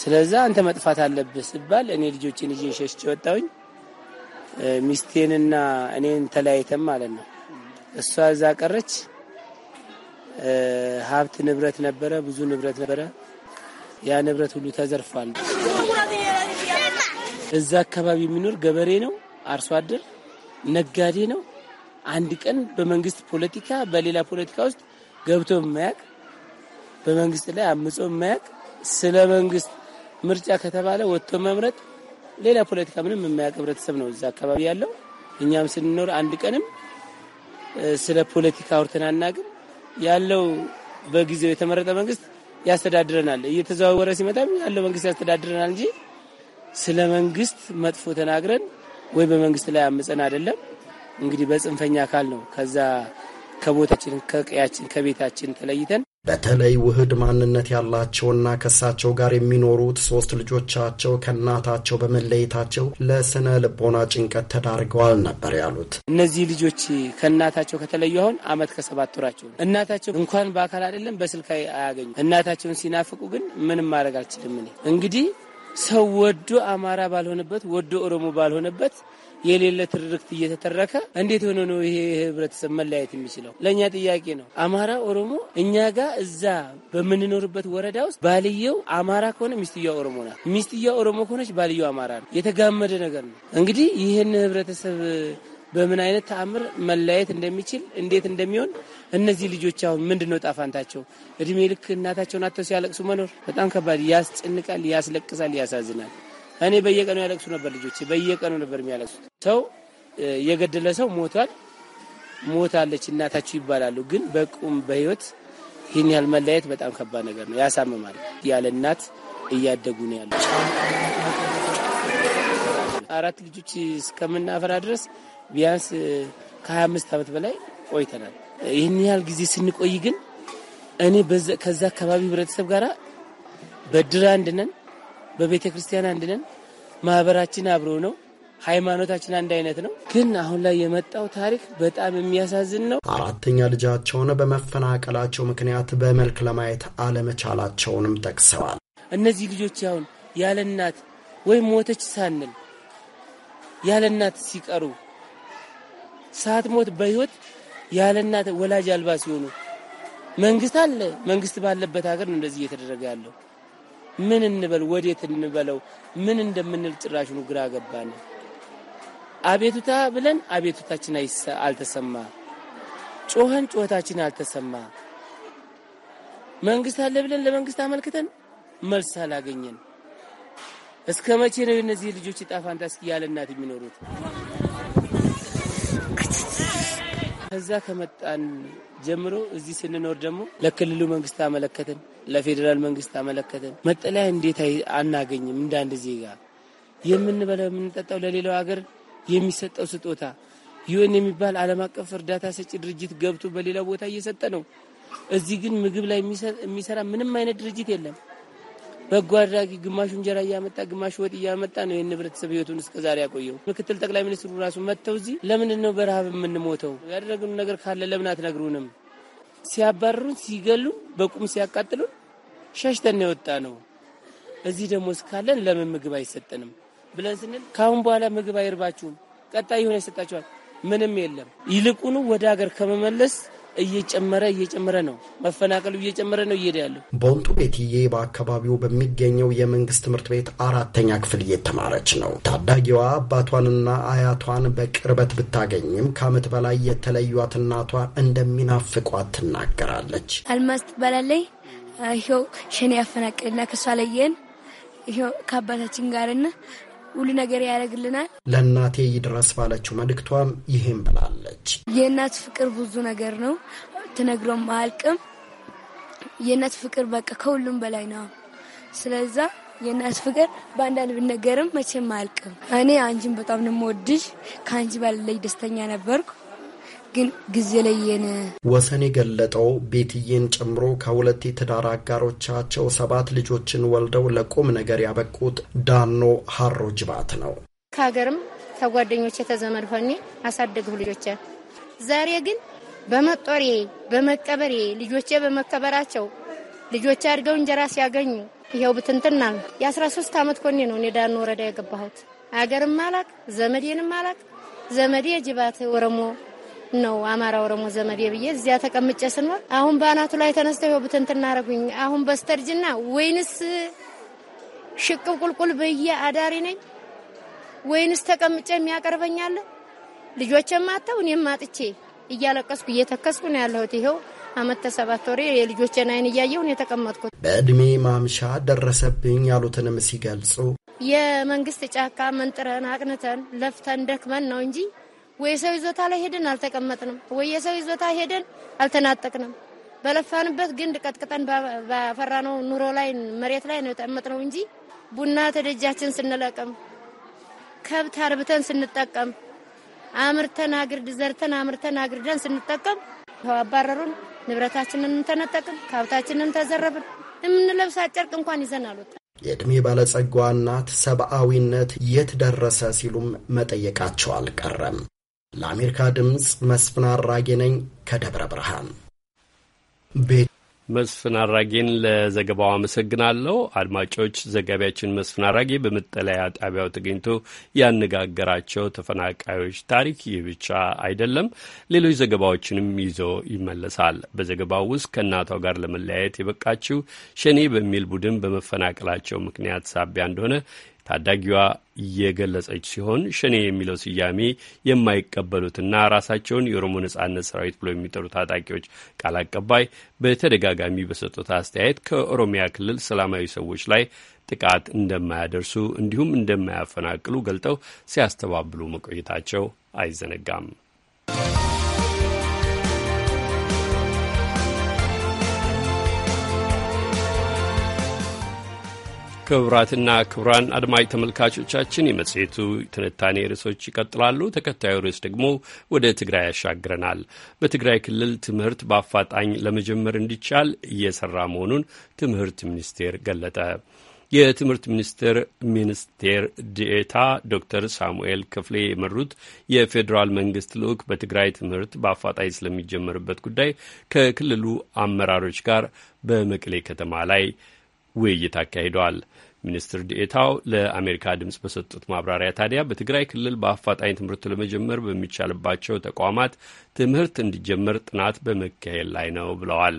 ስለዛ አንተ መጥፋት አለብህ ስባል እኔ ልጆችን ይዤ ሸሽቼ ወጣሁኝ። ሚስቴንና እኔን ተለያይተም ማለት ነው። እሷ እዛ ቀረች። ሀብት ንብረት ነበረ፣ ብዙ ንብረት ነበረ። ያ ንብረት ሁሉ ተዘርፏል። እዛ አካባቢ የሚኖር ገበሬ ነው፣ አርሶ አደር፣ ነጋዴ ነው። አንድ ቀን በመንግስት ፖለቲካ በሌላ ፖለቲካ ውስጥ ገብቶ የማያውቅ በመንግስት ላይ አምጾ የማያቅ ስለ መንግስት ምርጫ ከተባለ ወጥቶ መምረጥ ሌላ ፖለቲካ ምንም የማያውቅ ህብረተሰብ ነው እዛ አካባቢ ያለው። እኛም ስንኖር አንድ ቀንም ስለ ፖለቲካ አውርተን አናውቅም። ያለው በጊዜው የተመረጠ መንግስት ያስተዳድረናል። እየተዘዋወረ ሲመጣም ያለው መንግስት ያስተዳድረናል እንጂ ስለ መንግስት መጥፎ ተናግረን ወይ በመንግስት ላይ አመፀን አይደለም። እንግዲህ በጽንፈኛ አካል ነው ከዛ ከቦታችን ከቀያችን ከቤታችን ተለይተን በተለይ ውህድ ማንነት ያላቸውና ከእሳቸው ጋር የሚኖሩት ሶስት ልጆቻቸው ከእናታቸው በመለየታቸው ለስነ ልቦና ጭንቀት ተዳርገዋል ነበር ያሉት። እነዚህ ልጆች ከእናታቸው ከተለዩ አሁን አመት ከሰባት ወራቸው እናታቸው እንኳን በአካል አይደለም በስልክ አያገኙ። እናታቸውን ሲናፍቁ ግን ምንም ማድረግ አልችልም። እኔ እንግዲህ ሰው ወዶ አማራ ባልሆነበት ወዶ ኦሮሞ ባልሆነበት የሌለ ትርክት እየተተረከ እንዴት ሆኖ ነው ይሄ ህብረተሰብ መለያየት የሚችለው? ለእኛ ጥያቄ ነው። አማራ፣ ኦሮሞ እኛ ጋር እዛ በምንኖርበት ወረዳ ውስጥ ባልየው አማራ ከሆነ ሚስትያ ኦሮሞ ናት፣ ሚስትያ ኦሮሞ ከሆነች ባልየው አማራ ነው። የተጋመደ ነገር ነው። እንግዲህ ይህን ህብረተሰብ በምን አይነት ተአምር መለያየት እንደሚችል እንዴት እንደሚሆን እነዚህ ልጆች አሁን ምንድን ነው ጣፋንታቸው? እድሜ ልክ እናታቸውን አጥተው ሲያለቅሱ መኖር በጣም ከባድ፣ ያስጨንቃል፣ ያስለቅሳል፣ ያሳዝናል። እኔ በየቀኑ ያለቅሱ ነበር ልጆች በየቀኑ ነበር የሚያለቅሱት። ሰው የገደለ ሰው ሞቷል፣ ሞታለች እናታችሁ ይባላሉ። ግን በቁም በህይወት ይህን ያህል መለያየት በጣም ከባድ ነገር ነው፣ ያሳምማል። ያለ እናት እያደጉ ነው ያለ አራት ልጆች እስከምናፈራ ድረስ ቢያንስ ከሀያ አምስት ዓመት በላይ ቆይተናል። ይህን ያህል ጊዜ ስንቆይ ግን እኔ ከዛ አካባቢ ህብረተሰብ ጋር በድር አንድ ነን በቤተ ክርስቲያን አንድ ነን። ማህበራችን አብሮ ነው። ሃይማኖታችን አንድ አይነት ነው። ግን አሁን ላይ የመጣው ታሪክ በጣም የሚያሳዝን ነው። አራተኛ ልጃቸውን በመፈናቀላቸው ምክንያት በመልክ ለማየት አለመቻላቸውንም ጠቅሰዋል። እነዚህ ልጆች አሁን ያለ እናት ወይም ሞተች ሳንል ያለ እናት ሲቀሩ ሞት በህይወት ያለ እናት ወላጅ አልባ ሲሆኑ መንግስት አለ መንግስት ባለበት ሀገር ነው እንደዚህ እየተደረገ ያለው። ምን እንበል፣ ወዴት እንበለው፣ ምን እንደምንል ጭራሽኑ ግራ ገባን። አቤቱታ ብለን አቤቱታችን አልተሰማ፣ ጮኸን ጮታችን አልተሰማ፣ መንግስት አለ ብለን ለመንግስት አመልክተን መልስ አላገኘን። እስከ መቼ ነው የነዚህ ልጆች ዕጣ ፈንታ እናት የሚኖሩት? ከዛ ከመጣን ጀምሮ እዚህ ስንኖር ደግሞ ለክልሉ መንግስት አመለከትን፣ ለፌዴራል መንግስት አመለከትን። መጠለያ እንዴት አናገኝም? እንደ አንድ ዜጋ የምንበላው የምንጠጣው ለሌላው ሀገር የሚሰጠው ስጦታ ዩኤን የሚባል ዓለም አቀፍ እርዳታ ሰጪ ድርጅት ገብቶ በሌላው ቦታ እየሰጠ ነው። እዚህ ግን ምግብ ላይ የሚሰራ ምንም አይነት ድርጅት የለም። በጎ አድራጊ ግማሹ እንጀራ እያመጣ ግማሹ ወጥ እያመጣ ነው ይህን ህብረተሰብ ህይወቱን እስከዛሬ ያቆየው። ምክትል ጠቅላይ ሚኒስትሩ ራሱ መጥተው እዚህ ለምንድን ነው በረሃብ የምንሞተው? ያደረግነው ነገር ካለ ለምን አትነግሩንም? ሲያባርሩን፣ ሲገሉን፣ በቁም ሲያቃጥሉን ሸሽተን የወጣ ነው። እዚህ ደግሞ እስካለን ለምን ምግብ አይሰጠንም ብለን ስንል ከአሁን በኋላ ምግብ አይርባችሁም፣ ቀጣይ የሆነ ይሰጣችኋል። ምንም የለም። ይልቁኑ ወደ ሀገር ከመመለስ እየጨመረ እየጨመረ ነው። መፈናቀሉ እየጨመረ ነው እየሄደ ያለው። በወንጡ ቤትዬ በአካባቢው በሚገኘው የመንግስት ትምህርት ቤት አራተኛ ክፍል እየተማረች ነው። ታዳጊዋ አባቷንና አያቷን በቅርበት ብታገኝም ከአመት በላይ የተለዩት እናቷ እንደሚናፍቋት ትናገራለች። አልማዝ ትባላለች። ይኸው ሸኔ ያፈናቅልና ከሷ ለየን ይኸው ከአባታችን ጋርና ሁሉ ነገር ያደርግልናል። ለእናቴ ይድረስ ባለችው መልእክቷም ይህም ብላለች። የእናት ፍቅር ብዙ ነገር ነው፣ ትነግሮም አያልቅም። የእናት ፍቅር በቃ ከሁሉም በላይ ነው። ስለዛ የእናት ፍቅር በአንዳንድ ብነገርም መቼም አያልቅም። እኔ አንቺን በጣም ነው ከአንቺ ደስተኛ ነበርኩ። ግን ጊዜ ለየን። ወሰን የገለጠው ቤትዬን ጨምሮ ከሁለት የትዳር አጋሮቻቸው ሰባት ልጆችን ወልደው ለቁም ነገር ያበቁት ዳኖ ሀሮ ጅባት ነው። ከሀገርም ከጓደኞች የተዘመድ ሆኔ አሳደግሁ ልጆች። ዛሬ ግን በመጦሬ በመቀበሬ ልጆቼ በመከበራቸው ልጆቼ አድገው እንጀራ ሲያገኙ ይኸው ብትንትና የአስራ ሶስት ዓመት ኮኔ ነው እኔ ዳኖ ወረዳ የገባሁት። አገርም አላቅ ዘመዴንም አላቅ ዘመዴ ጅባት ወረሞ ነው አማራ ኦሮሞ ዘመድ ብዬ እዚያ ተቀምጨ ስኖር አሁን በአናቱ ላይ ተነስተው ይኸው ብትንትና አሁን በስተርጅና ወይንስ ሽቅብ ቁልቁል ብዬ አዳሪ ነኝ ወይንስ ተቀምጨ የሚያቀርበኛለ ልጆች አጥተው እኔም አጥቼ እያለቀስኩ እየተከስኩ ነው ያለሁት። ይኸው አመት ተሰባት ወሬ የልጆችን አይን እያየሁ ነው የተቀመጥኩት። በእድሜ ማምሻ ደረሰብኝ ያሉትንም ሲገልጹ የመንግስት ጫካ መንጥረን አቅንተን ለፍተን ደክመን ነው እንጂ ወይ የሰው ይዞታ ላይ ሄደን አልተቀመጥንም፣ ወይ የሰው ይዞታ ሄደን አልተናጠቅንም። በለፋንበት ግንድ ቀጥቅጠን ባፈራነው ኑሮ ላይ መሬት ላይ ነው የተቀመጥነው እንጂ ቡና ተደጃችን ስንለቅም ከብት አርብተን ስንጠቀም አምርተን አግርድ ዘርተን አምርተን አግርደን ስንጠቀም አባረሩን። ንብረታችንን ተነጠቅን፣ ከብታችንን ተዘረብን። የምንለብሳ ጨርቅ እንኳን ይዘን አልወጣ የዕድሜ ባለጸጋዋ እናት ሰብአዊነት የት ደረሰ ሲሉም መጠየቃቸው አልቀረም። ለአሜሪካ ድምፅ መስፍን አራጌ ነኝ ከደብረ ብርሃን። መስፍን አራጌን ለዘገባው አመሰግናለሁ። አድማጮች፣ ዘጋቢያችን መስፍን አራጌ በመጠለያ ጣቢያው ተገኝቶ ያነጋገራቸው ተፈናቃዮች ታሪክ ይህ ብቻ አይደለም፣ ሌሎች ዘገባዎችንም ይዞ ይመለሳል። በዘገባው ውስጥ ከእናቷ ጋር ለመለያየት የበቃችው ሸኔ በሚል ቡድን በመፈናቀላቸው ምክንያት ሳቢያ እንደሆነ ታዳጊዋ እየገለጸች ሲሆን ሸኔ የሚለው ስያሜ የማይቀበሉትና ራሳቸውን የኦሮሞ ነጻነት ሰራዊት ብሎ የሚጠሩ ታጣቂዎች ቃል አቀባይ በተደጋጋሚ በሰጡት አስተያየት ከኦሮሚያ ክልል ሰላማዊ ሰዎች ላይ ጥቃት እንደማያደርሱ እንዲሁም እንደማያፈናቅሉ ገልጠው ሲያስተባብሉ መቆየታቸው አይዘነጋም። ክቡራትና ክቡራን አድማጭ ተመልካቾቻችን የመጽሔቱ ትንታኔ ርዕሶች ይቀጥላሉ። ተከታዩ ርዕስ ደግሞ ወደ ትግራይ ያሻግረናል። በትግራይ ክልል ትምህርት በአፋጣኝ ለመጀመር እንዲቻል እየሰራ መሆኑን ትምህርት ሚኒስቴር ገለጠ። የትምህርት ሚኒስቴር ሚኒስቴር ዲኤታ ዶክተር ሳሙኤል ክፍሌ የመሩት የፌዴራል መንግስት ልዑክ በትግራይ ትምህርት በአፋጣኝ ስለሚጀመርበት ጉዳይ ከክልሉ አመራሮች ጋር በመቅሌ ከተማ ላይ ውይይት አካሂደዋል። ሚኒስትር ዴኤታው ለአሜሪካ ድምፅ በሰጡት ማብራሪያ ታዲያ በትግራይ ክልል በአፋጣኝ ትምህርት ለመጀመር በሚቻልባቸው ተቋማት ትምህርት እንዲጀመር ጥናት በመካሄድ ላይ ነው ብለዋል።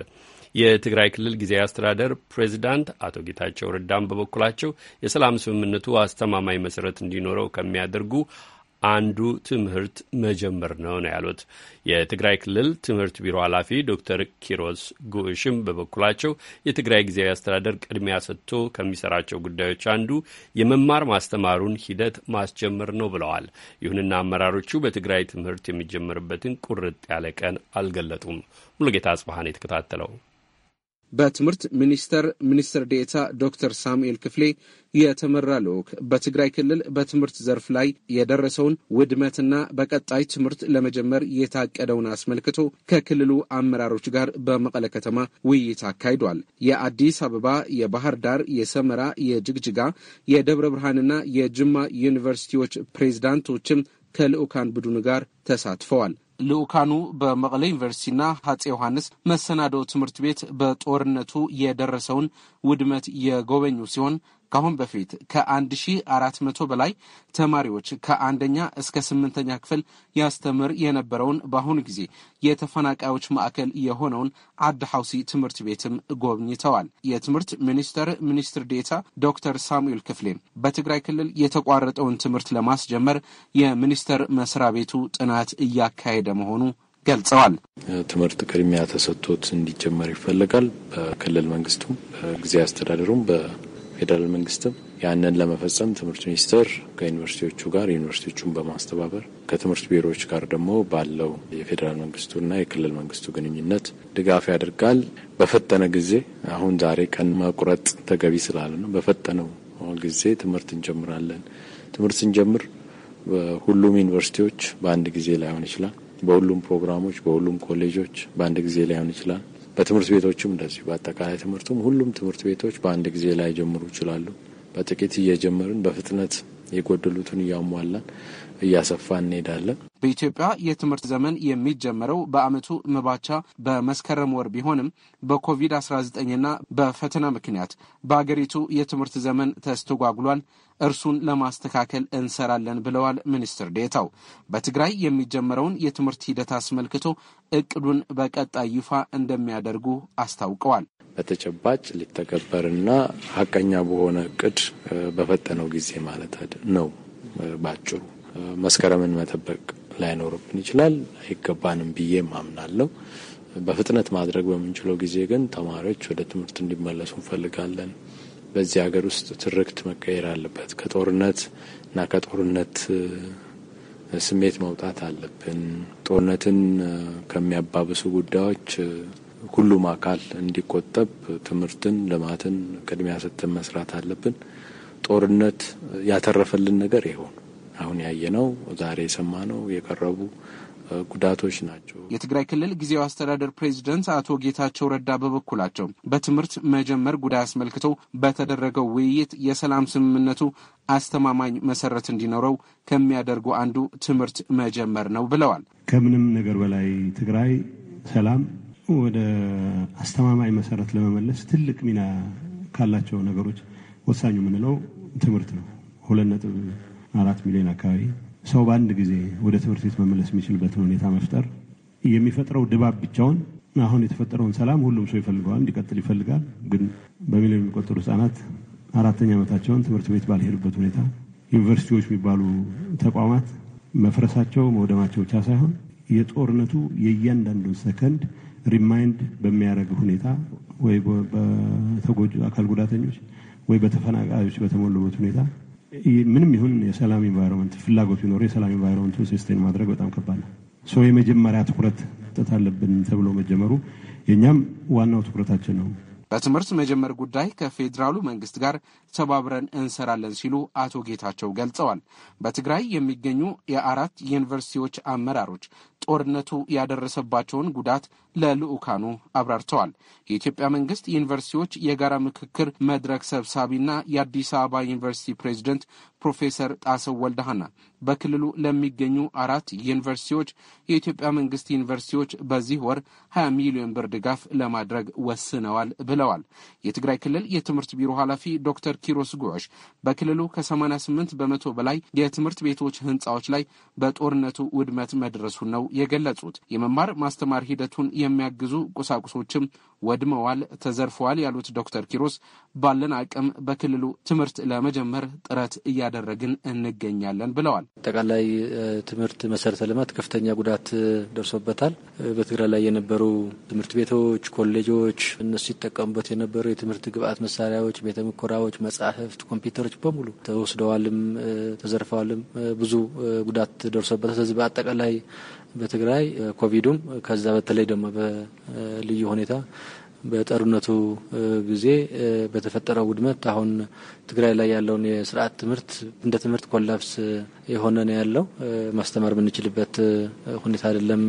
የትግራይ ክልል ጊዜያዊ አስተዳደር ፕሬዚዳንት አቶ ጌታቸው ረዳም በበኩላቸው የሰላም ስምምነቱ አስተማማኝ መሰረት እንዲኖረው ከሚያደርጉ አንዱ ትምህርት መጀመር ነው ነው ያሉት። የትግራይ ክልል ትምህርት ቢሮ ኃላፊ ዶክተር ኪሮስ ጉዕሽም በበኩላቸው የትግራይ ጊዜያዊ አስተዳደር ቅድሚያ ሰጥቶ ከሚሰራቸው ጉዳዮች አንዱ የመማር ማስተማሩን ሂደት ማስጀመር ነው ብለዋል። ይሁንና አመራሮቹ በትግራይ ትምህርት የሚጀመርበትን ቁርጥ ያለ ቀን አልገለጡም። ሙሉጌታ አጽባሃን የተከታተለው በትምህርት ሚኒስቴር ሚኒስትር ዴታ ዶክተር ሳሙኤል ክፍሌ የተመራ ልዑክ በትግራይ ክልል በትምህርት ዘርፍ ላይ የደረሰውን ውድመትና በቀጣይ ትምህርት ለመጀመር የታቀደውን አስመልክቶ ከክልሉ አመራሮች ጋር በመቀለ ከተማ ውይይት አካሂዷል። የአዲስ አበባ፣ የባህር ዳር፣ የሰመራ፣ የጅግጅጋ፣ የደብረ ብርሃንና የጅማ ዩኒቨርሲቲዎች ፕሬዝዳንቶችም ከልዑካን ቡድኑ ጋር ተሳትፈዋል። ልዑካኑ በመቀለ ዩኒቨርሲቲና አፄ ዮሐንስ መሰናዶ ትምህርት ቤት በጦርነቱ የደረሰውን ውድመት የጎበኙ ሲሆን ከአሁን በፊት ከ1400 በላይ ተማሪዎች ከአንደኛ እስከ ስምንተኛ ክፍል ያስተምር የነበረውን በአሁኑ ጊዜ የተፈናቃዮች ማዕከል የሆነውን አድ ሐውሲ ትምህርት ቤትም ጎብኝተዋል። የትምህርት ሚኒስቴር ሚኒስትር ዴታ ዶክተር ሳሙኤል ክፍሌ በትግራይ ክልል የተቋረጠውን ትምህርት ለማስጀመር የሚኒስቴር መስሪያ ቤቱ ጥናት እያካሄደ መሆኑ ገልጸዋል። ትምህርት ቅድሚያ ተሰጥቶት እንዲጀመር ይፈለጋል። በክልል መንግስቱም ጊዜ አስተዳደሩም ፌዴራል መንግስትም ያንን ለመፈጸም ትምህርት ሚኒስቴር ከዩኒቨርሲቲዎቹ ጋር ዩኒቨርሲቲዎቹን በማስተባበር ከትምህርት ቢሮዎች ጋር ደግሞ ባለው የፌዴራል መንግስቱና የክልል መንግስቱ ግንኙነት ድጋፍ ያደርጋል። በፈጠነ ጊዜ አሁን ዛሬ ቀን መቁረጥ ተገቢ ስላለ ነው። በፈጠነው ጊዜ ትምህርት እንጀምራለን። ትምህርት ስንጀምር ሁሉም ዩኒቨርሲቲዎች በአንድ ጊዜ ላይሆን ይችላል። በሁሉም ፕሮግራሞች፣ በሁሉም ኮሌጆች በአንድ ጊዜ ላይሆን ይችላል። በትምህርት ቤቶችም እንደዚሁ በአጠቃላይ ትምህርቱም ሁሉም ትምህርት ቤቶች በአንድ ጊዜ ላይ ጀምሩ ይችላሉ። በጥቂት እየጀመርን በፍጥነት የጎደሉትን እያሟላን እያሰፋ እንሄዳለን። በኢትዮጵያ የትምህርት ዘመን የሚጀመረው በአመቱ መባቻ በመስከረም ወር ቢሆንም በኮቪድ-19ና በፈተና ምክንያት በአገሪቱ የትምህርት ዘመን ተስተጓጉሏል። እርሱን ለማስተካከል እንሰራለን ብለዋል ሚኒስትር ዴታው። በትግራይ የሚጀመረውን የትምህርት ሂደት አስመልክቶ እቅዱን በቀጣይ ይፋ እንደሚያደርጉ አስታውቀዋል። በተጨባጭ ሊተገበርና ሀቀኛ በሆነ እቅድ በፈጠነው ጊዜ ማለት ነው ባጭሩ መስከረምን መጠበቅ ላይኖርብን ይችላል፣ አይገባንም ብዬ ማምናለሁ። በፍጥነት ማድረግ በምንችለው ጊዜ ግን ተማሪዎች ወደ ትምህርት እንዲመለሱ እንፈልጋለን። በዚህ ሀገር ውስጥ ትርክት መቀየር አለበት። ከጦርነት እና ከጦርነት ስሜት መውጣት አለብን። ጦርነትን ከሚያባብሱ ጉዳዮች ሁሉም አካል እንዲቆጠብ ትምህርትን፣ ልማትን ቅድሚያ ሰጥተን መስራት አለብን። ጦርነት ያተረፈልን ነገር ይሆን አሁን ያየነው ዛሬ የሰማነው የቀረቡ ጉዳቶች ናቸው። የትግራይ ክልል ጊዜያዊ አስተዳደር ፕሬዚደንት አቶ ጌታቸው ረዳ በበኩላቸው በትምህርት መጀመር ጉዳይ አስመልክተው በተደረገው ውይይት የሰላም ስምምነቱ አስተማማኝ መሰረት እንዲኖረው ከሚያደርጉ አንዱ ትምህርት መጀመር ነው ብለዋል። ከምንም ነገር በላይ ትግራይ ሰላም ወደ አስተማማኝ መሰረት ለመመለስ ትልቅ ሚና ካላቸው ነገሮች ወሳኙ የምንለው ትምህርት ነው። ሁለት ነጥብ አራት ሚሊዮን አካባቢ ሰው በአንድ ጊዜ ወደ ትምህርት ቤት መመለስ የሚችልበትን ሁኔታ መፍጠር የሚፈጥረው ድባብ ብቻውን አሁን የተፈጠረውን ሰላም ሁሉም ሰው ይፈልገዋል፣ እንዲቀጥል ይፈልጋል። ግን በሚሊዮን የሚቆጠሩ ህጻናት አራተኛ ዓመታቸውን ትምህርት ቤት ባልሄዱበት ሁኔታ ዩኒቨርሲቲዎች የሚባሉ ተቋማት መፍረሳቸው መውደማቸው ብቻ ሳይሆን የጦርነቱ የእያንዳንዱን ሰከንድ ሪማይንድ በሚያደርግ ሁኔታ ወይ በተጎጁ አካል ጉዳተኞች ወይ በተፈናቃዮች በተሞሉበት ሁኔታ ምንም ይሁን የሰላም ኢንቫይሮንመንት ፍላጎት ቢኖሩ የሰላም ኢንቫይሮንመንቱን ሲስቴን ማድረግ በጣም ከባድ ነው። ሶ የመጀመሪያ ትኩረት መስጠት አለብን ተብሎ መጀመሩ የእኛም ዋናው ትኩረታችን ነው። በትምህርት መጀመር ጉዳይ ከፌዴራሉ መንግስት ጋር ተባብረን እንሰራለን ሲሉ አቶ ጌታቸው ገልጸዋል። በትግራይ የሚገኙ የአራት ዩኒቨርሲቲዎች አመራሮች ጦርነቱ ያደረሰባቸውን ጉዳት ለልዑካኑ አብራርተዋል። የኢትዮጵያ መንግስት ዩኒቨርሲቲዎች የጋራ ምክክር መድረክ ሰብሳቢና የአዲስ አበባ ዩኒቨርሲቲ ፕሬዚደንት ፕሮፌሰር ጣሰው ወልደሃና በክልሉ ለሚገኙ አራት ዩኒቨርሲቲዎች የኢትዮጵያ መንግስት ዩኒቨርሲቲዎች በዚህ ወር 20 ሚሊዮን ብር ድጋፍ ለማድረግ ወስነዋል ብለዋል። የትግራይ ክልል የትምህርት ቢሮ ኃላፊ ዶክተር ኪሮስ ጉዮሽ በክልሉ ከ88 በመቶ በላይ የትምህርት ቤቶች ህንፃዎች ላይ በጦርነቱ ውድመት መድረሱን ነው የገለጹት። የመማር ማስተማር ሂደቱን የሚያግዙ ቁሳቁሶችም ወድመዋል፣ ተዘርፈዋል ያሉት ዶክተር ኪሮስ ባለን አቅም በክልሉ ትምህርት ለመጀመር ጥረት እያደረግን እንገኛለን ብለዋል። አጠቃላይ ትምህርት መሰረተ ልማት ከፍተኛ ጉዳት ደርሶበታል። በትግራይ ላይ የነበሩ ትምህርት ቤቶች፣ ኮሌጆች እነሱ ሲጠቀሙበት የነበሩ የትምህርት ግብአት መሳሪያዎች፣ ቤተ ምኮራዎች፣ መጻሕፍት፣ ኮምፒውተሮች በሙሉ ተወስደዋልም ተዘርፈዋልም ብዙ ጉዳት ደርሶበታል። ስለዚህ በአጠቃላይ በትግራይ ኮቪዱም ከዛ በተለይ ደግሞ በልዩ ሁኔታ በጦርነቱ ጊዜ በተፈጠረው ውድመት አሁን ትግራይ ላይ ያለውን የስርዓት ትምህርት እንደ ትምህርት ኮላፕስ የሆነ ነው ያለው። ማስተማር የምንችልበት ሁኔታ አይደለም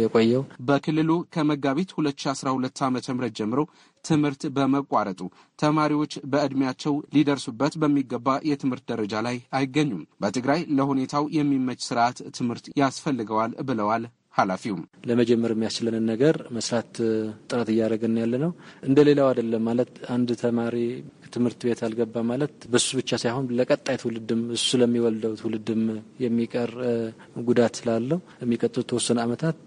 የቆየው። በክልሉ ከመጋቢት 2012 ዓ ም ጀምሮ ትምህርት በመቋረጡ ተማሪዎች በዕድሜያቸው ሊደርሱበት በሚገባ የትምህርት ደረጃ ላይ አይገኙም። በትግራይ ለሁኔታው የሚመች ስርዓት ትምህርት ያስፈልገዋል ብለዋል። ኃላፊውም ለመጀመር የሚያስችለንን ነገር መስራት ጥረት እያደረግን ያለ ነው። እንደ ሌላው አይደለም ማለት አንድ ተማሪ ትምህርት ቤት አልገባ ማለት በሱ ብቻ ሳይሆን ለቀጣይ ትውልድም እሱ ለሚወልደው ትውልድም የሚቀር ጉዳት ስላለው የሚቀጥሉት ተወሰነ ዓመታት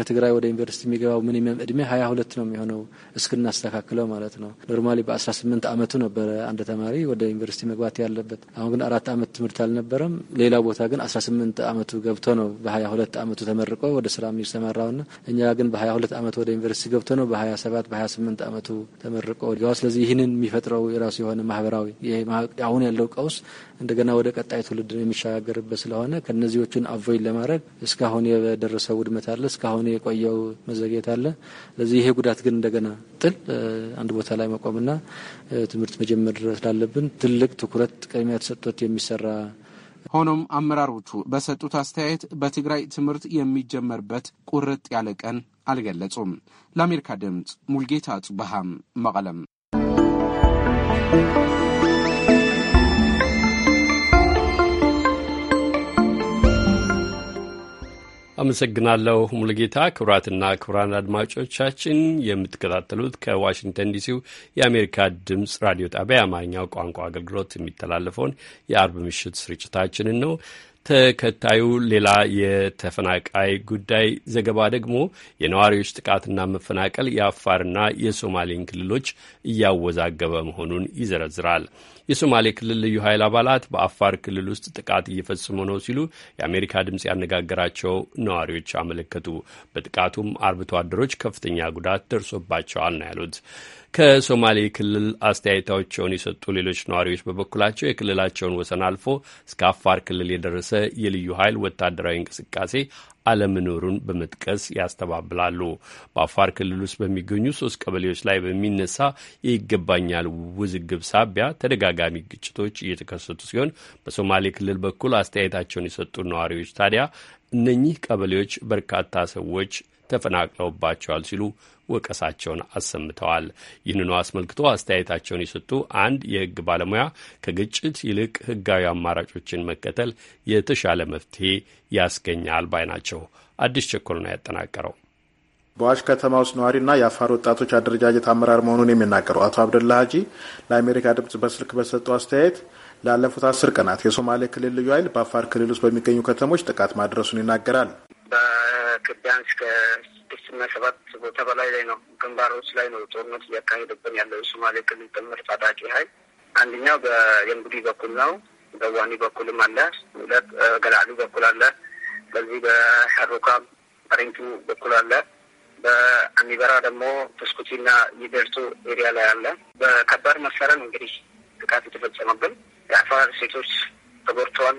ከትግራይ ወደ ዩኒቨርሲቲ የሚገባው ሚኒመም እድሜ ሀያ ሁለት ነው የሚሆነው እስክናስተካክለው ማለት ነው። ኖርማሊ በአስራ ስምንት አመቱ ነበረ አንድ ተማሪ ወደ ዩኒቨርሲቲ መግባት ያለበት። አሁን ግን አራት አመት ትምህርት አልነበረም። ሌላ ቦታ ግን አስራ ስምንት አመቱ ገብቶ ነው በሀያ ሁለት አመቱ ተመርቆ ወደ ስራ ና እኛ ግን በሀያ ሁለት አመቱ ወደ ዩኒቨርሲቲ ገብቶ ነው በሀያ ሰባት በሀያ ስምንት አመቱ ተመርቆ ዋ ስለዚህ ይህንን የሚፈጥረው የራሱ የሆነ ማህበራዊ አሁን ያለው ቀውስ እንደገና ወደ ቀጣይ ትውልድ የሚሻገርበት ስለሆነ ከነዚዎቹን አቮይድ ለማድረግ እስካሁን የደረሰው ውድመት አለ እስካሁን የቆየው መዘግየት አለ። ስለዚህ ይሄ ጉዳት ግን እንደገና ጥል አንድ ቦታ ላይ መቆምና ትምህርት መጀመር ላለብን ትልቅ ትኩረት ቅድሚያ ተሰጥቶት የሚሰራ ሆኖም አመራሮቹ በሰጡት አስተያየት በትግራይ ትምህርት የሚጀመርበት ቁርጥ ያለ ቀን አልገለጹም። ለአሜሪካ ድምፅ ሙልጌታ ጽበሃም መቀለም አመሰግናለሁ ሙሉጌታ። ክቡራትና ክቡራን አድማጮቻችን የምትከታተሉት ከዋሽንግተን ዲሲው የአሜሪካ ድምፅ ራዲዮ ጣቢያ የአማርኛው ቋንቋ አገልግሎት የሚተላለፈውን የአርብ ምሽት ስርጭታችንን ነው። ተከታዩ ሌላ የተፈናቃይ ጉዳይ ዘገባ ደግሞ የነዋሪዎች ጥቃትና መፈናቀል የአፋርና የሶማሌን ክልሎች እያወዛገበ መሆኑን ይዘረዝራል። የሶማሌ ክልል ልዩ ኃይል አባላት በአፋር ክልል ውስጥ ጥቃት እየፈጸሙ ነው ሲሉ የአሜሪካ ድምፅ ያነጋገራቸው ነዋሪዎች አመለከቱ። በጥቃቱም አርብቶ አደሮች ከፍተኛ ጉዳት ደርሶባቸዋል ነው ያሉት። ከሶማሌ ክልል አስተያየታቸውን የሰጡ ሌሎች ነዋሪዎች በበኩላቸው የክልላቸውን ወሰን አልፎ እስከ አፋር ክልል የደረሰ የልዩ ኃይል ወታደራዊ እንቅስቃሴ አለመኖሩን በመጥቀስ ያስተባብላሉ። በአፋር ክልል ውስጥ በሚገኙ ሶስት ቀበሌዎች ላይ በሚነሳ የይገባኛል ውዝግብ ሳቢያ ተደጋጋሚ ግጭቶች እየተከሰቱ ሲሆን በሶማሌ ክልል በኩል አስተያየታቸውን የሰጡ ነዋሪዎች ታዲያ እነኚህ ቀበሌዎች በርካታ ሰዎች ተፈናቅለውባቸዋል ሲሉ ወቀሳቸውን አሰምተዋል። ይህንኑ አስመልክቶ አስተያየታቸውን የሰጡ አንድ የህግ ባለሙያ ከግጭት ይልቅ ህጋዊ አማራጮችን መከተል የተሻለ መፍትሄ ያስገኛል ባይ ናቸው። አዲስ ቸኮል ነው ያጠናቀረው። በዋሽ ከተማ ውስጥ ነዋሪና የአፋር ወጣቶች አደረጃጀት አመራር መሆኑን የሚናገረው አቶ አብደላ ሀጂ ለአሜሪካ ድምጽ በስልክ በሰጠው አስተያየት ላለፉት አስር ቀናት የሶማሌ ክልል ልዩ ኃይል በአፋር ክልል ውስጥ በሚገኙ ከተሞች ጥቃት ማድረሱን ይናገራል። በክቢያን እስከ ሰባት ቦታ በላይ ላይ ነው ግንባሮች ላይ ነው ጦርነት እያካሄደብን ያለው የሶማሌ ክልል ጥምር ታጣቂ ኃይል አንደኛው በየንቡዲ በኩል ነው። በዋኒ በኩልም አለ፣ ሁለት ገላሉ በኩል አለ፣ በዚህ በሐሩካም ሬንቱ በኩል አለ። በአሚበራ ደግሞ ተስኩቲና ይደርቱ ኤሪያ ላይ አለ። በከባድ መሳሪያ ነው እንግዲህ ጥቃት የተፈጸመብን። የአፋር ሴቶች ተጎድተዋል።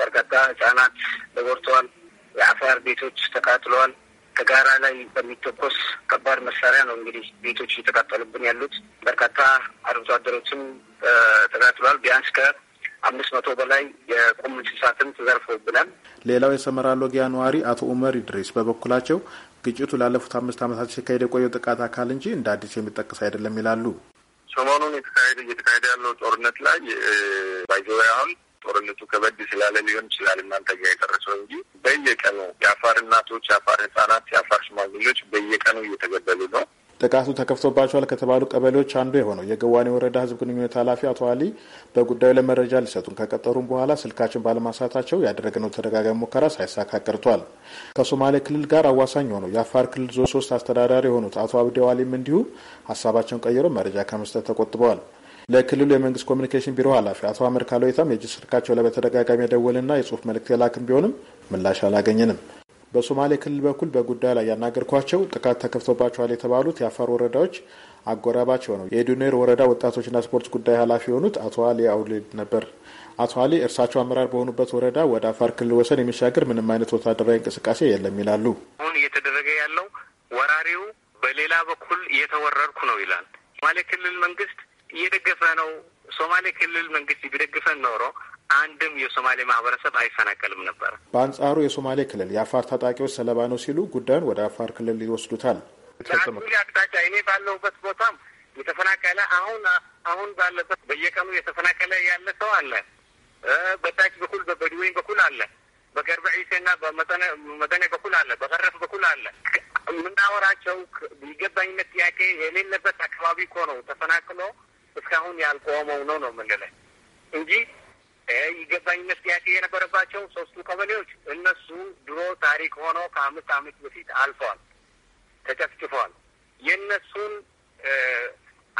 በርካታ ህጻናት ተጎድተዋል። የአፋር ቤቶች ተቃጥለዋል። ከጋራ ላይ በሚተኮስ ከባድ መሳሪያ ነው እንግዲህ ቤቶች እየተቃጠሉብን ያሉት። በርካታ አርብቶ አደሮችም ተቃጥለዋል። ቢያንስ ከአምስት መቶ በላይ የቁም እንስሳትም ተዘርፎብናል። ሌላው የሰመራ ሎጊያ ነዋሪ አቶ ኡመር ድሬስ በበኩላቸው ግጭቱ ላለፉት አምስት ዓመታት ሲካሄድ የቆየው ጥቃት አካል እንጂ እንደ አዲስ የሚጠቀስ አይደለም ይላሉ። ሰሞኑን የተካሄደ እየተካሄደ ያለው ጦርነት ላይ ባይዘወ አሁን ጦርነቱ ከበድ ስላለ ሊሆን ይችላል እናንተ ጋር የደረሰው እንጂ በየቀኑ የአፋር እናቶች፣ የአፋር ህጻናት፣ የአፋር ሽማግሌዎች በየቀኑ እየተገደሉ ነው። ጥቃቱ ተከፍቶባቸዋል ከተባሉ ቀበሌዎች አንዱ የሆነው የገዋኔ ወረዳ ህዝብ ግንኙነት ኃላፊ አቶ አሊ በጉዳዩ ላይ መረጃ ሊሰጡን ከቀጠሩም በኋላ ስልካችን ባለማንሳታቸው ያደረግነው ተደጋጋሚ ሙከራ ሳይሳካ ቀርቷል። ከሶማሌ ክልል ጋር አዋሳኝ የሆነው የአፋር ክልል ዞን ሶስት አስተዳዳሪ የሆኑት አቶ አብዲ አሊም እንዲሁ ሀሳባቸውን ቀይረው መረጃ ከመስጠት ተቆጥበዋል። ለክልሉ የመንግስት ኮሚኒኬሽን ቢሮ ኃላፊ አቶ አምር ካሎይታም የእጅ ስልካቸው ላይ በተደጋጋሚ የደወልና የጽሁፍ መልእክት የላክም ቢሆንም ምላሽ አላገኘንም። በሶማሌ ክልል በኩል በጉዳዩ ላይ ያናገርኳቸው ጥቃት ተከፍቶባቸዋል የተባሉት የአፋር ወረዳዎች አጎራባች የሆነው የዱኔር ወረዳ ወጣቶችና ስፖርት ጉዳይ ኃላፊ የሆኑት አቶ አሊ አውሌድ ነበር። አቶ አሊ እርሳቸው አመራር በሆኑበት ወረዳ ወደ አፋር ክልል ወሰን የሚሻገር ምንም አይነት ወታደራዊ እንቅስቃሴ የለም ይላሉ። አሁን እየተደረገ ያለው ወራሪው በሌላ በኩል እየተወረርኩ ነው ይላል። ሶማሌ ክልል መንግስት እየደገፈ ነው። ሶማሌ ክልል መንግስት ቢደግፈን ኖሮ አንድም የሶማሌ ማህበረሰብ አይፈናቀልም ነበር። በአንጻሩ የሶማሌ ክልል የአፋር ታጣቂዎች ሰለባ ነው ሲሉ ጉዳዩን ወደ አፋር ክልል ይወስዱታል። አቅጣጫ እኔ ባለሁበት ቦታም የተፈናቀለ አሁን አሁን ባለበት በየቀኑ የተፈናቀለ ያለ ሰው አለ። በታች በኩል በበድወይን በኩል አለ። በገርበ ዒሴና በመጠነ በኩል አለ። በፈረፍ በኩል አለ። የምናወራቸው የገባኝነት ጥያቄ የሌለበት አካባቢ እኮ ነው ተፈናቅሎ እስካሁን ያልቆመው ነው ነው የምንለ እንጂ ይገባኝነት ጥያቄ የነበረባቸው ሶስቱ ቀበሌዎች እነሱ ድሮ ታሪክ ሆኖ ከአምስት ዓመት በፊት አልፈዋል፣ ተጨፍጭፈዋል። የእነሱን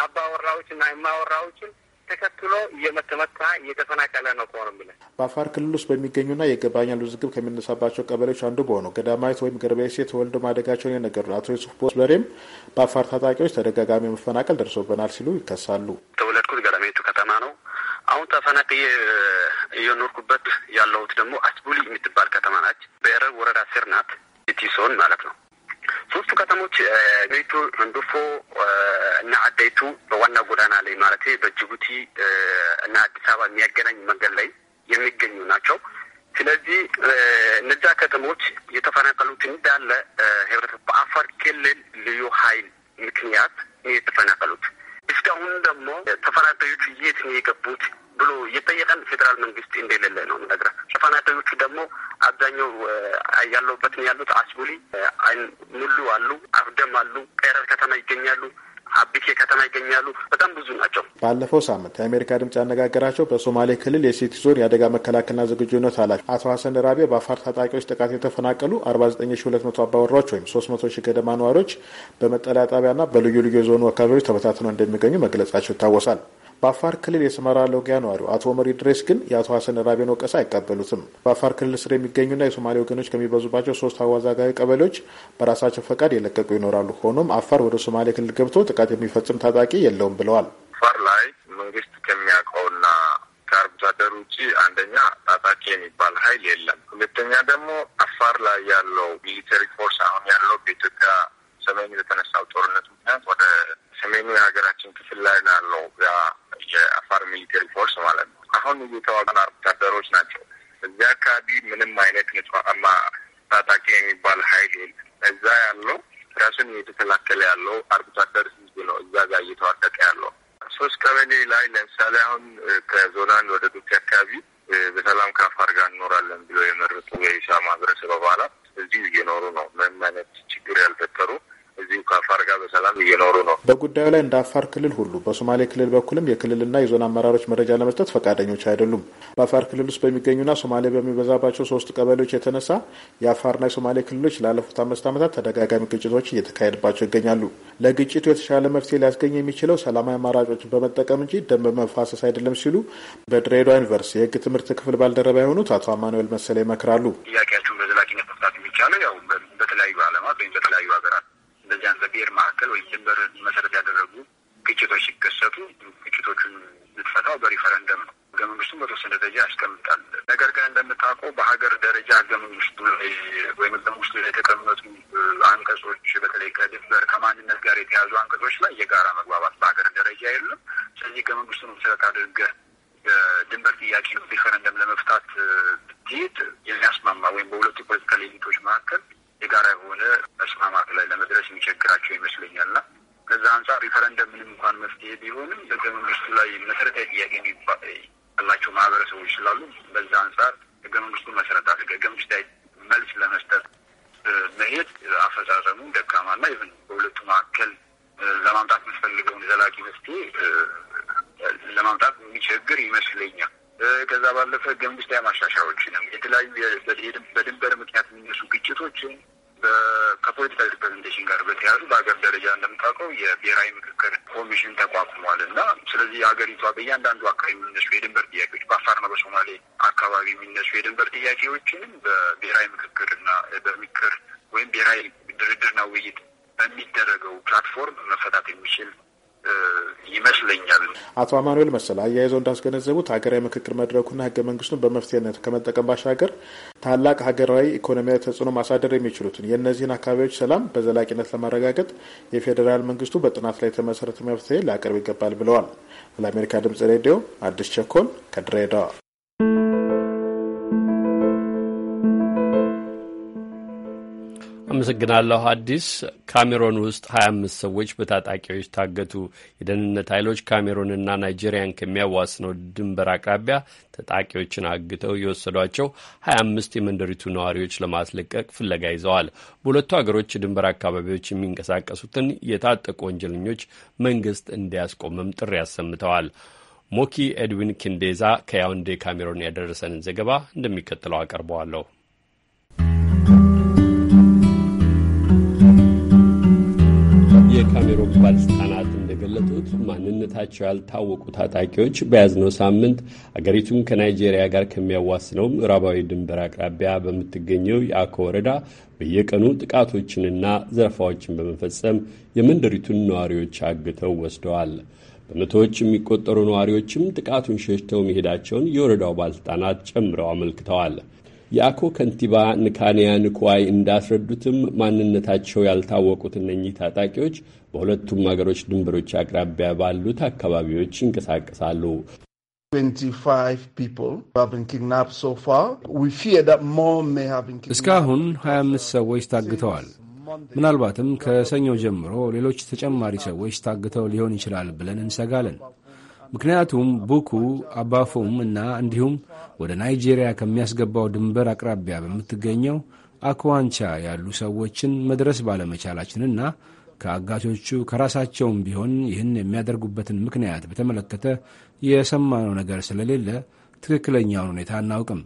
አባወራዎች እና የማወራዎችን ተከትሎ እየመተመታ እየተፈናቀለ ነው። ከሆነ ብለን በአፋር ክልል ውስጥ በሚገኙና የይገባኛል ውዝግብ ከሚነሳባቸው ቀበሌዎች አንዱ በሆነው ገዳማዊት ወይም ገርቤሴ ተወልደው ማደጋቸውን የነገሩ አቶ ዩሱፍ ቦስ በሬም በአፋር ታጣቂዎች ተደጋጋሚ መፈናቀል ደርሶብናል ሲሉ ይከሳሉ። ተወለድኩት ገዳማዊቱ ከተማ ነው። አሁን ተፈናቅዬ እየኖርኩበት ያለሁት ደግሞ አስቡሊ የምትባል ከተማ ናች። በኤረር ወረዳ ስር ናት። ኢቲሶን ማለት ነው ሶስቱ ከተሞች ቤቱ፣ እንዱፎ እና አዳይቱ በዋና ጎዳና ላይ ማለት በጅቡቲ እና አዲስ አበባ የሚያገናኝ መንገድ ላይ የሚገኙ ናቸው። ስለዚህ እነዛ ከተሞች የተፈናቀሉት እንዳለ ህብረተሰብ በአፋር ክልል ልዩ ኃይል ምክንያት የተፈናቀሉት እስካሁን ደግሞ ተፈናቃዮቹ የት ነው የገቡት ብሎ እየጠየቀን ፌዴራል መንግስት እንደሌለ ነው ምነግረ ሸፋናተኞቹ ደግሞ አብዛኛው ያለውበትን ያሉት አስቡሊ ሙሉ አሉ፣ አፍደም አሉ፣ ቀረር ከተማ ይገኛሉ አቢኬ ከተማ ይገኛሉ። በጣም ብዙ ናቸው። ባለፈው ሳምንት የአሜሪካ ድምጽ ያነጋገራቸው በሶማሌ ክልል የሴቲ ዞን የአደጋ መከላከልና ዝግጁነት ኃላፊ አቶ ሀሰን ራቢያ በአፋር ታጣቂዎች ጥቃት የተፈናቀሉ አርባ ዘጠኝ ሺ ሁለት መቶ አባወራዎች ወይም ሶስት መቶ ሺህ ገደማ ነዋሪዎች በመጠለያ ጣቢያና በልዩ ልዩ የዞኑ አካባቢዎች ተበታትነው እንደሚገኙ መግለጻቸው ይታወሳል። በአፋር ክልል የሰመራ ሎጊያ ነዋሪው አቶ መሪ ድሬስ ግን የአቶ ሀሰን ራቤን ወቀሳ አይቀበሉትም። በአፋር ክልል ስር የሚገኙና የሶማሌ ወገኖች ከሚበዙባቸው ሶስት አዋዛጋቢ ቀበሌዎች በራሳቸው ፈቃድ የለቀቁ ይኖራሉ። ሆኖም አፋር ወደ ሶማሌ ክልል ገብቶ ጥቃት የሚፈጽም ታጣቂ የለውም ብለዋል። አፋር ላይ መንግስት ከሚያውቀውና ከአርብቶ አደር ውጭ አንደኛ ታጣቂ የሚባል ሀይል የለም። ሁለተኛ ደግሞ አፋር ላይ ያለው ሚሊተሪ ፎርስ አሁን ያለው በኢትዮጵያ ሰሜኑ የተነሳው ጦርነት ምክንያት ወደ ሰሜኑ የሀገራችን ክፍል ላይ ላለው ያ የአፋር ሚሊቴሪ ፎርስ ማለት ነው አሁን እየተዋጉን ወታደሮች ናቸው። እዚያ አካባቢ ምንም አይነት ንጹሃማ ታጣቂ የሚባል ሀይል የለም። እዛ ያለው ራሱን እየተከላከለ ያለው አርብቶ አደር ህዝብ ነው። እዛ ጋር እየተዋደቀ ያለው ሶስት ቀበሌ ላይ ለምሳሌ አሁን ከዞን አንድ ወደ ዱብቲ አካባቢ በሰላም ከአፋር ጋር እንኖራለን ብሎ የመረጡ የኢሳ ማህበረሰብ አባላት እዚህ እየኖሩ ነው። ምንም አይነት ችግር ያልፈጠሩ እዚሁ ከአፋር ጋር በሰላም እየኖሩ ነው። በጉዳዩ ላይ እንደ አፋር ክልል ሁሉ በሶማሌ ክልል በኩልም የክልልና የዞን አመራሮች መረጃ ለመስጠት ፈቃደኞች አይደሉም። በአፋር ክልል ውስጥ በሚገኙና ሶማሌ በሚበዛባቸው ሶስት ቀበሌዎች የተነሳ የአፋርና የሶማሌ ክልሎች ላለፉት አምስት ዓመታት ተደጋጋሚ ግጭቶች እየተካሄደባቸው ይገኛሉ። ለግጭቱ የተሻለ መፍትሄ ሊያስገኝ የሚችለው ሰላማዊ አማራጮችን በመጠቀም እንጂ ደም በመፋሰስ አይደለም ሲሉ በድሬዳዋ ዩኒቨርሲቲ የህግ ትምህርት ክፍል ባልደረባ የሆኑት አቶ አማኑኤል መሰለ ይመክራሉ። ጥያቄያቸውን በዘላቂነት መፍታት የሚቻለው ያው በዚያን በብሔር መካከል ወይም ድንበር መሰረት ያደረጉ ግጭቶች ሲከሰቱ ግጭቶቹን የምትፈታው በሪፈረንደም ነው። ህገ መንግስቱን በተወሰነ ደረጃ ያስቀምጣል። ነገር ግን እንደምታውቀው በሀገር ደረጃ ህገ መንግስቱ ወይም ህገ መንግስቱ ላይ የተቀመጡ አንቀጾች በተለይ ከድንበር ከማንነት ጋር የተያዙ አንቀጾች ላይ የጋራ መግባባት በሀገር ደረጃ የለም። ስለዚህ ህገ መንግስቱን መሰረት አድርገ ድንበር ጥያቄ ሪፈረንደም ለመፍታት ብትሄድ የሚያስማማ ወይም በሁለቱ ፖለቲካ ሌሊቶች መካከል የጋራ የሆነ መስማማት ላይ ለመድረስ የሚቸግራቸው ይመስለኛል ና ከዛ አንጻር ሪፈረንደም ምንም እንኳን መፍትሄ ቢሆንም ህገ መንግስቱ ላይ መሰረታዊ ጥያቄ ያላቸው ማህበረሰቦች ስላሉ በዛ አንጻር ህገ መንግስቱ መሰረት አድርገ ህገ መንግስታዊ መልስ ለመስጠት መሄድ አፈጻጸሙ ና ይሁን በሁለቱ መካከል ለማምጣት የምትፈልገውን ዘላቂ መፍትሄ ለማምጣት የሚቸግር ይመስለኛል። ከዛ ባለፈ ህገ መንግስታዊ ማሻሻያዎችንም የተለያዩ በድንበር ምክንያት የሚነሱ ግጭቶችን ከፖለቲካ ሪፕሬዘንቴሽን ጋር በተያያዙ በሀገር ደረጃ እንደምታውቀው የብሔራዊ ምክክር ኮሚሽን ተቋቁሟል እና ስለዚህ ሀገሪቷ በእያንዳንዱ አካባቢ የሚነሱ የድንበር ጥያቄዎች በአፋርና በሶማሌ አካባቢ የሚነሱ የድንበር ጥያቄዎችንም በብሔራዊ ምክክርና በምክር ወይም ብሔራዊ ድርድርና ውይይት በሚደረገው ፕላትፎርም መፈታት የሚችል ይመስለኛል። አቶ አማኑኤል መሰል አያይዘው እንዳስገነዘቡት ሀገራዊ ምክክር መድረኩና ህገ መንግስቱን በመፍትሄነት ከመጠቀም ባሻገር ታላቅ ሀገራዊ ኢኮኖሚያዊ ተጽዕኖ ማሳደር የሚችሉትን የእነዚህን አካባቢዎች ሰላም በዘላቂነት ለማረጋገጥ የፌዴራል መንግስቱ በጥናት ላይ የተመሰረተ መፍትሄ ሊያቀርብ ይገባል ብለዋል። ለአሜሪካ ድምጽ ሬዲዮ አዲስ ቸኮል ከድሬዳዋ አመሰግናለሁ አዲስ። ካሜሮን ውስጥ ሀያ አምስት ሰዎች በታጣቂዎች ታገቱ። የደህንነት ኃይሎች ካሜሮንና ናይጄሪያን ከሚያዋስነው ድንበር አቅራቢያ ታጣቂዎችን አግተው የወሰዷቸው ሀያ አምስት የመንደሪቱ ነዋሪዎች ለማስለቀቅ ፍለጋ ይዘዋል። በሁለቱ ሀገሮች የድንበር አካባቢዎች የሚንቀሳቀሱትን የታጠቁ ወንጀለኞች መንግስት እንዲያስቆምም ጥሪ አሰምተዋል። ሞኪ ኤድዊን ኪንዴዛ ከያውንዴ ካሜሮን ያደረሰንን ዘገባ እንደሚከተለው አቀርበዋለሁ። የካሜሮን ባለሥልጣናት እንደገለጡት ማንነታቸው ያልታወቁ ታጣቂዎች በያዝነው ሳምንት አገሪቱን ከናይጄሪያ ጋር ከሚያዋስነው ምዕራባዊ ድንበር አቅራቢያ በምትገኘው የአኮ ወረዳ በየቀኑ ጥቃቶችንና ዘረፋዎችን በመፈጸም የመንደሪቱን ነዋሪዎች አግተው ወስደዋል። በመቶዎች የሚቆጠሩ ነዋሪዎችም ጥቃቱን ሸሽተው መሄዳቸውን የወረዳው ባለሥልጣናት ጨምረው አመልክተዋል። የአኮ ከንቲባ ንካንያ ንኩዋይ እንዳስረዱትም ማንነታቸው ያልታወቁት እነኚህ ታጣቂዎች በሁለቱም አገሮች ድንበሮች አቅራቢያ ባሉት አካባቢዎች ይንቀሳቀሳሉ። እስካሁን 25 ሰዎች ታግተዋል። ምናልባትም ከሰኞ ጀምሮ ሌሎች ተጨማሪ ሰዎች ታግተው ሊሆን ይችላል ብለን እንሰጋለን። ምክንያቱም ቡኩ አባፎም እና እንዲሁም ወደ ናይጄሪያ ከሚያስገባው ድንበር አቅራቢያ በምትገኘው አክዋንቻ ያሉ ሰዎችን መድረስ ባለመቻላችንና ከአጋቾቹ ከራሳቸውም ቢሆን ይህን የሚያደርጉበትን ምክንያት በተመለከተ የሰማነው ነገር ስለሌለ ትክክለኛውን ሁኔታ አናውቅም።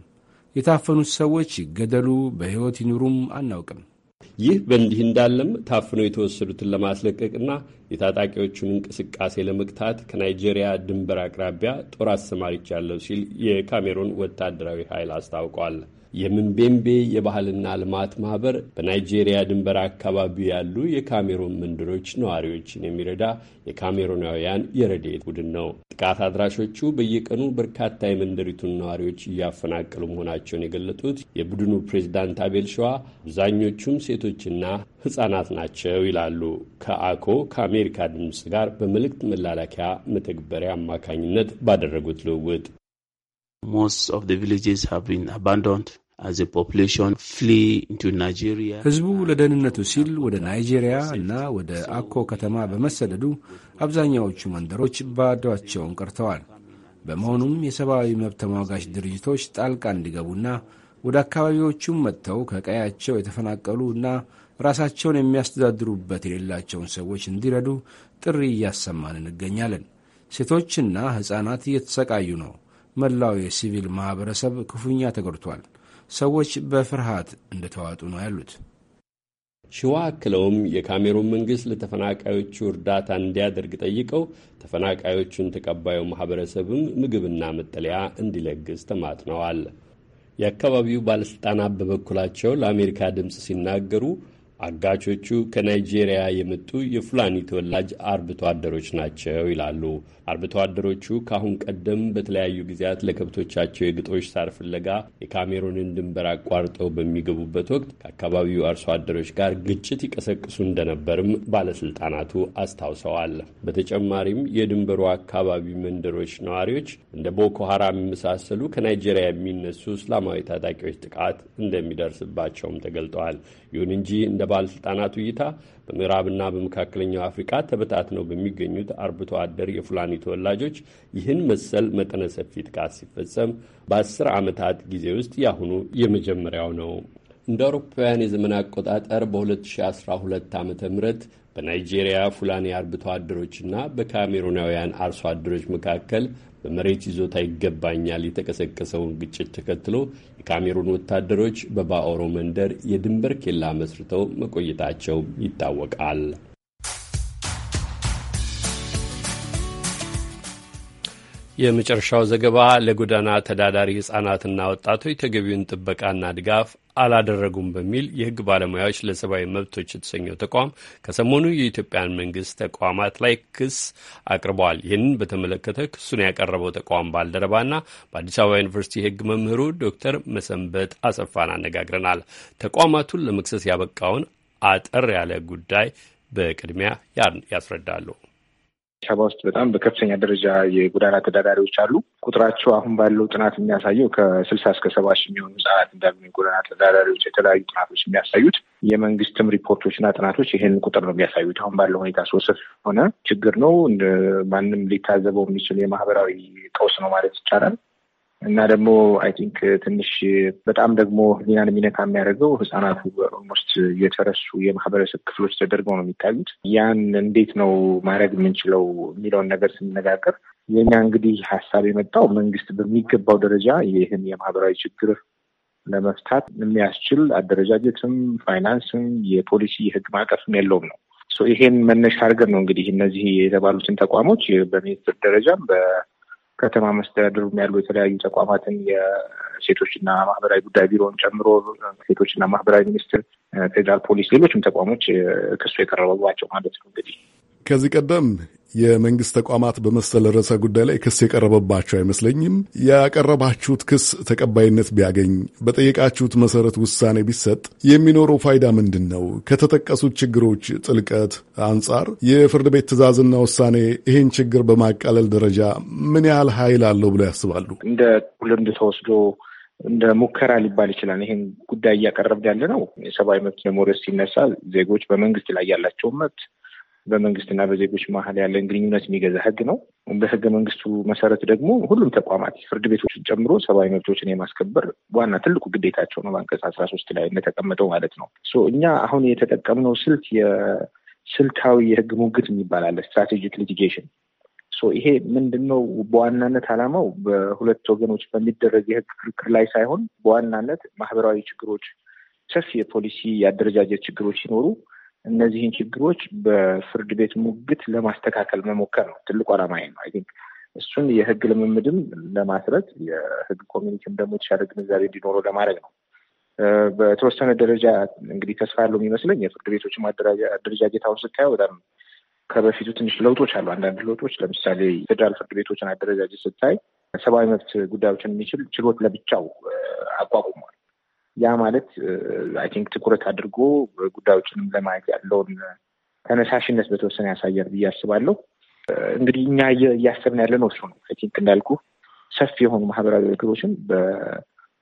የታፈኑት ሰዎች ይገደሉ በሕይወት ይኑሩም አናውቅም። ይህ በእንዲህ እንዳለም ታፍነው የተወሰዱትን ለማስለቀቅና የታጣቂዎቹን እንቅስቃሴ ለመግታት ከናይጄሪያ ድንበር አቅራቢያ ጦር አሰማርቻለሁ ሲል የካሜሩን ወታደራዊ ኃይል አስታውቋል። የምንቤምቤ የባህልና ልማት ማህበር በናይጄሪያ ድንበር አካባቢ ያሉ የካሜሩን መንደሮች ነዋሪዎችን የሚረዳ የካሜሩናውያን የረድኤት ቡድን ነው። ጥቃት አድራሾቹ በየቀኑ በርካታ የመንደሪቱን ነዋሪዎች እያፈናቀሉ መሆናቸውን የገለጡት የቡድኑ ፕሬዚዳንት አቤል ሸዋ አብዛኞቹም ሴቶችና ህጻናት ናቸው ይላሉ። ከአኮ ከአሜሪካ ድምፅ ጋር በመልእክት መላላኪያ መተግበሪያ አማካኝነት ባደረጉት ልውውጥ ሕዝቡ ለደህንነቱ ሲል ወደ ናይጄሪያ እና ወደ አኮ ከተማ በመሰደዱ አብዛኛዎቹ መንደሮች ባዷቸውን ቀርተዋል። በመሆኑም የሰብአዊ መብት ተሟጋች ድርጅቶች ጣልቃ እንዲገቡና ወደ አካባቢዎቹም መጥተው ከቀያቸው የተፈናቀሉ እና ራሳቸውን የሚያስተዳድሩበት የሌላቸውን ሰዎች እንዲረዱ ጥሪ እያሰማን እንገኛለን። ሴቶችና ሕፃናት እየተሰቃዩ ነው። መላው የሲቪል ማህበረሰብ ክፉኛ ተጎድቷል። ሰዎች በፍርሃት እንደተዋጡ ነው ያሉት። ሽዋ አክለውም የካሜሩን መንግሥት ለተፈናቃዮቹ እርዳታ እንዲያደርግ ጠይቀው ተፈናቃዮቹን ተቀባዩ ማኅበረሰብም ምግብና መጠለያ እንዲለግስ ተማጥነዋል። የአካባቢው ባለሥልጣናት በበኩላቸው ለአሜሪካ ድምፅ ሲናገሩ አጋቾቹ ከናይጄሪያ የመጡ የፉላኒ ተወላጅ አርብቶ አደሮች ናቸው ይላሉ። አርብቶ አደሮቹ ከአሁን ቀደም በተለያዩ ጊዜያት ለከብቶቻቸው የግጦሽ ሳር ፍለጋ የካሜሩንን ድንበር አቋርጠው በሚገቡበት ወቅት ከአካባቢው አርሶ አደሮች ጋር ግጭት ይቀሰቅሱ እንደነበርም ባለስልጣናቱ አስታውሰዋል። በተጨማሪም የድንበሩ አካባቢ መንደሮች ነዋሪዎች እንደ ቦኮ ሀራም የመሳሰሉ ከናይጄሪያ የሚነሱ እስላማዊ ታጣቂዎች ጥቃት እንደሚደርስባቸውም ተገልጠዋል። ይሁን እንጂ እንደ ባለሥልጣናቱ እይታ በምዕራብና በመካከለኛው አፍሪካ ተበታትነው በሚገኙት አርብቶ አደር የፉላኒ ተወላጆች ይህን መሰል መጠነ ሰፊ ጥቃት ሲፈጸም በአስር ዓመታት ጊዜ ውስጥ ያሁኑ የመጀመሪያው ነው። እንደ አውሮፓውያን የዘመን አቆጣጠር በ2012 ዓ ም በናይጄሪያ ፉላኒ አርብቶ አደሮችና በካሜሩናውያን አርሶ አደሮች መካከል በመሬት ይዞታ ይገባኛል የተቀሰቀሰውን ግጭት ተከትሎ የካሜሩን ወታደሮች በባኦሮ መንደር የድንበር ኬላ መስርተው መቆየታቸው ይታወቃል። የመጨረሻው ዘገባ ለጎዳና ተዳዳሪ ህጻናትና ወጣቶች ተገቢውን ጥበቃና ድጋፍ አላደረጉም በሚል የህግ ባለሙያዎች ለሰብአዊ መብቶች የተሰኘው ተቋም ከሰሞኑ የኢትዮጵያን መንግስት ተቋማት ላይ ክስ አቅርበዋል። ይህንን በተመለከተ ክሱን ያቀረበው ተቋም ባልደረባና በአዲስ አበባ ዩኒቨርሲቲ የህግ መምህሩ ዶክተር መሰንበት አሰፋን አነጋግረናል። ተቋማቱን ለመክሰስ ያበቃውን አጠር ያለ ጉዳይ በቅድሚያ ያስረዳሉ። አዲስ አበባ ውስጥ በጣም በከፍተኛ ደረጃ የጎዳና ተዳዳሪዎች አሉ። ቁጥራቸው አሁን ባለው ጥናት የሚያሳየው ከስልሳ እስከ ሰባ ሺህ የሚሆኑ ህጻናት እንዳሉ የጎዳና ተዳዳሪዎች የተለያዩ ጥናቶች የሚያሳዩት የመንግስትም ሪፖርቶችና ጥናቶች ይህን ቁጥር ነው የሚያሳዩት። አሁን ባለው ሁኔታ ሶስፍ ሆነ ችግር ነው። ማንም ሊታዘበው የሚችል የማህበራዊ ቀውስ ነው ማለት ይቻላል። እና ደግሞ አይ ቲንክ ትንሽ በጣም ደግሞ ሊናን የሚነካ የሚያደርገው ህጻናቱ ኦልሞስት የተረሱ የማህበረሰብ ክፍሎች ተደርገው ነው የሚታዩት። ያን እንዴት ነው ማድረግ የምንችለው የሚለውን ነገር ስንነጋገር የኛ እንግዲህ ሀሳብ የመጣው መንግስት በሚገባው ደረጃ ይህን የማህበራዊ ችግር ለመፍታት የሚያስችል አደረጃጀትም፣ ፋይናንስም፣ የፖሊሲ የህግ ማዕቀፍም የለውም ነው ይሄን መነሻ አድርገን ነው እንግዲህ እነዚህ የተባሉትን ተቋሞች በሚኒስትር ደረጃም ከተማ መስተዳድሩ ያሉ የተለያዩ ተቋማትን የሴቶችና ማህበራዊ ጉዳይ ቢሮን ጨምሮ ሴቶችና ማህበራዊ ሚኒስትር ፌዴራል ፖሊስ፣ ሌሎችም ተቋሞች ክሱ የቀረበባቸው ማለት ነው እንግዲህ ከዚህ ቀደም የመንግስት ተቋማት በመሰል ርዕሰ ጉዳይ ላይ ክስ የቀረበባቸው አይመስለኝም። ያቀረባችሁት ክስ ተቀባይነት ቢያገኝ፣ በጠየቃችሁት መሰረት ውሳኔ ቢሰጥ የሚኖረው ፋይዳ ምንድን ነው? ከተጠቀሱት ችግሮች ጥልቀት አንጻር የፍርድ ቤት ትዕዛዝና ውሳኔ ይህን ችግር በማቃለል ደረጃ ምን ያህል ኃይል አለው ብለው ያስባሉ? እንደ ልምድ ተወስዶ እንደ ሙከራ ሊባል ይችላል። ይህን ጉዳይ እያቀረብን ያለ ነው። የሰብአዊ መብት ሞሬስ ሲነሳ ዜጎች በመንግስት ላይ ያላቸውን መብት በመንግስትና በዜጎች መሀል ያለን ግንኙነት የሚገዛ ህግ ነው። በህገ መንግስቱ መሰረት ደግሞ ሁሉም ተቋማት ፍርድ ቤቶችን ጨምሮ ሰብአዊ መብቶችን የማስከበር ዋና ትልቁ ግዴታቸው ነው በአንቀጽ አስራ ሶስት ላይ እንደተቀመጠው ማለት ነው። እኛ አሁን የተጠቀምነው ስልት የስልታዊ የህግ ሙግት የሚባል አለ ስትራቴጂክ ሊቲጌሽን ይሄ ምንድን ነው? በዋናነት አላማው በሁለት ወገኖች በሚደረግ የህግ ክርክር ላይ ሳይሆን በዋናነት ማህበራዊ ችግሮች፣ ሰፊ የፖሊሲ የአደረጃጀት ችግሮች ሲኖሩ እነዚህን ችግሮች በፍርድ ቤት ሙግት ለማስተካከል መሞከር ነው። ትልቁ ዓላማ ነው። አይ ቲንክ እሱን የህግ ልምምድም ለማስረት የህግ ኮሚኒቲም ደግሞ የተሻለ ግንዛቤ እንዲኖረው ለማድረግ ነው። በተወሰነ ደረጃ እንግዲህ ተስፋ ያለው የሚመስለኝ የፍርድ ቤቶችም አደረጃጀት አሁን ስታየው በጣም ከበፊቱ ትንሽ ለውጦች አሉ። አንዳንድ ለውጦች ለምሳሌ ፌዴራል ፍርድ ቤቶችን አደረጃጀት ስታይ ሰብአዊ መብት ጉዳዮችን የሚችል ችሎት ለብቻው አቋቁሟል። ያ ማለት አይ ቲንክ ትኩረት አድርጎ ጉዳዮችንም ለማየት ያለውን ተነሳሽነት በተወሰነ ያሳያል ብዬ አስባለሁ። እንግዲህ እኛ እያሰብን ያለ ነው እሱ ነው። አይ ቲንክ እንዳልኩ ሰፊ የሆኑ ማህበራዊ ነገሮችን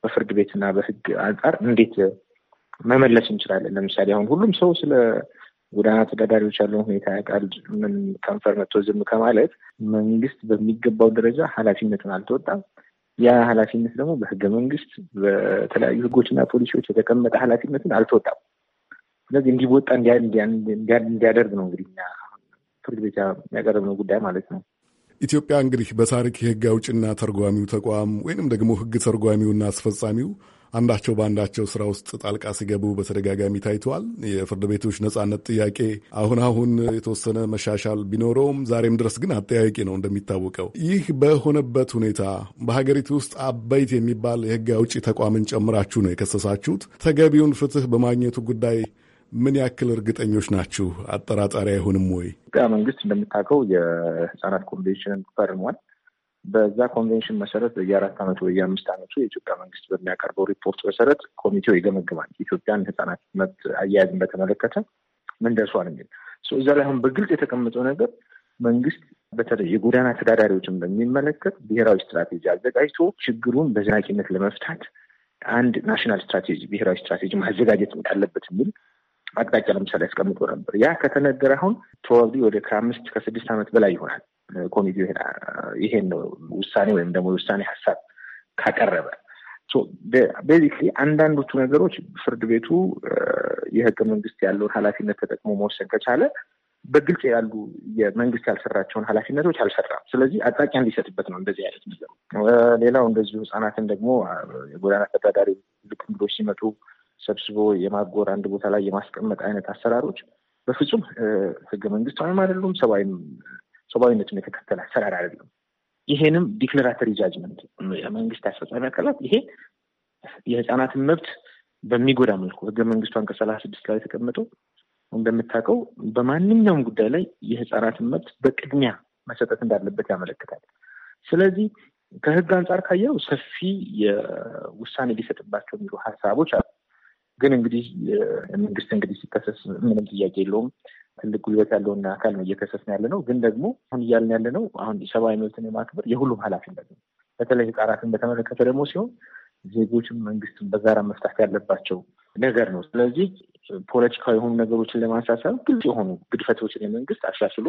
በፍርድ ቤትና በህግ አንጻር እንዴት መመለስ እንችላለን። ለምሳሌ አሁን ሁሉም ሰው ስለ ጎዳና ተዳዳሪዎች ያለውን ሁኔታ ያውቃል። ምን ከንፈር መጥቶ ዝም ከማለት መንግስት በሚገባው ደረጃ ኃላፊነትን አልተወጣም። ያ ኃላፊነት ደግሞ በህገ መንግስት በተለያዩ ህጎችና ፖሊሲዎች የተቀመጠ ኃላፊነትን አልተወጣም። ስለዚህ እንዲወጣ እንዲያደርግ ነው እንግዲህ ፍርድ ቤት ያቀረብነው ጉዳይ ማለት ነው። ኢትዮጵያ እንግዲህ በታሪክ የህግ አውጭና ተርጓሚው ተቋም ወይንም ደግሞ ህግ ተርጓሚውና አስፈጻሚው አንዳቸው በአንዳቸው ስራ ውስጥ ጣልቃ ሲገቡ በተደጋጋሚ ታይተዋል። የፍርድ ቤቶች ነጻነት ጥያቄ አሁን አሁን የተወሰነ መሻሻል ቢኖረውም ዛሬም ድረስ ግን አጠያቂ ነው እንደሚታወቀው። ይህ በሆነበት ሁኔታ በሀገሪቱ ውስጥ አበይት የሚባል የህግ አውጪ ተቋምን ጨምራችሁ ነው የከሰሳችሁት። ተገቢውን ፍትህ በማግኘቱ ጉዳይ ምን ያክል እርግጠኞች ናችሁ? አጠራጣሪ አይሆንም ወይ? ኢትዮጵያ መንግስት እንደምታውቀው የህጻናት ኮንቬንሽንን ፈርሟል። በዛ ኮንቬንሽን መሰረት በየአራት ዓመቱ በየአምስት ዓመቱ የኢትዮጵያ መንግስት በሚያቀርበው ሪፖርት መሰረት ኮሚቴው ይገመግማል። ኢትዮጵያን ህጻናት መብት አያያዝን በተመለከተ ምን ደርሷል የሚል እዛ ላይ አሁን በግልጽ የተቀመጠው ነገር መንግስት በተለይ የጎዳና ተዳዳሪዎችን በሚመለከት ብሔራዊ ስትራቴጂ አዘጋጅቶ ችግሩን በዝናቂነት ለመፍታት አንድ ናሽናል ስትራቴጂ ብሔራዊ ስትራቴጂ ማዘጋጀት እንዳለበት የሚል አቅጣጫ ለምሳሌ ያስቀምጦ ነበር። ያ ከተነገረ አሁን ፕሮባብሊ ወደ ከአምስት ከስድስት ዓመት በላይ ይሆናል ኮሚቴው ይሄን ነው ውሳኔ ወይም ደግሞ የውሳኔ ሀሳብ ካቀረበ ቤዚክሊ አንዳንዶቹ ነገሮች ፍርድ ቤቱ የህገ መንግስት ያለውን ኃላፊነት ተጠቅሞ መወሰን ከቻለ በግልጽ ያሉ የመንግስት ያልሰራቸውን ኃላፊነቶች አልሰራም። ስለዚህ አቅጣጫ እንዲሰጥበት ነው እንደዚህ አይነት ነገር። ሌላው እንደዚሁ ህጻናትን ደግሞ የጎዳና ተዳዳሪ ልክ እንግዶች ሲመጡ ሰብስቦ የማጎር አንድ ቦታ ላይ የማስቀመጥ አይነት አሰራሮች በፍጹም ህገ መንግስታዊም አይደሉም፣ ሰብአዊነቱን የተከተለ አሰራር አይደለም። ይሄንም ዲክለራተሪ ጃጅመንት የመንግስት አስፈጻሚ አካላት ይሄ የህፃናትን መብት በሚጎዳ መልኩ ህገ መንግስቱ አንቀጽ ሰላሳ ስድስት ላይ የተቀመጠው እንደምታውቀው በማንኛውም ጉዳይ ላይ የህፃናትን መብት በቅድሚያ መሰጠት እንዳለበት ያመለክታል። ስለዚህ ከህግ አንጻር ካየው ሰፊ የውሳኔ ሊሰጥባቸው የሚሉ ሀሳቦች አሉ። ግን እንግዲህ መንግስት እንግዲህ ሲከሰስ ምንም ጥያቄ የለውም ትልቅ ጉልበት ያለውና አካል ነው እየከሰስን ያለ ነው። ግን ደግሞ አሁን እያልን ያለ ነው አሁን ሰብአዊ መብትን የማክበር የሁሉም ኃላፊነት ነው። በተለይ ህጻናትን በተመለከተ ደግሞ ሲሆን ዜጎችም መንግስትም በጋራ መፍታት ያለባቸው ነገር ነው። ስለዚህ ፖለቲካዊ የሆኑ ነገሮችን ለማንሳሳብ ግልጽ የሆኑ ግድፈቶችን የመንግስት አሻሽሎ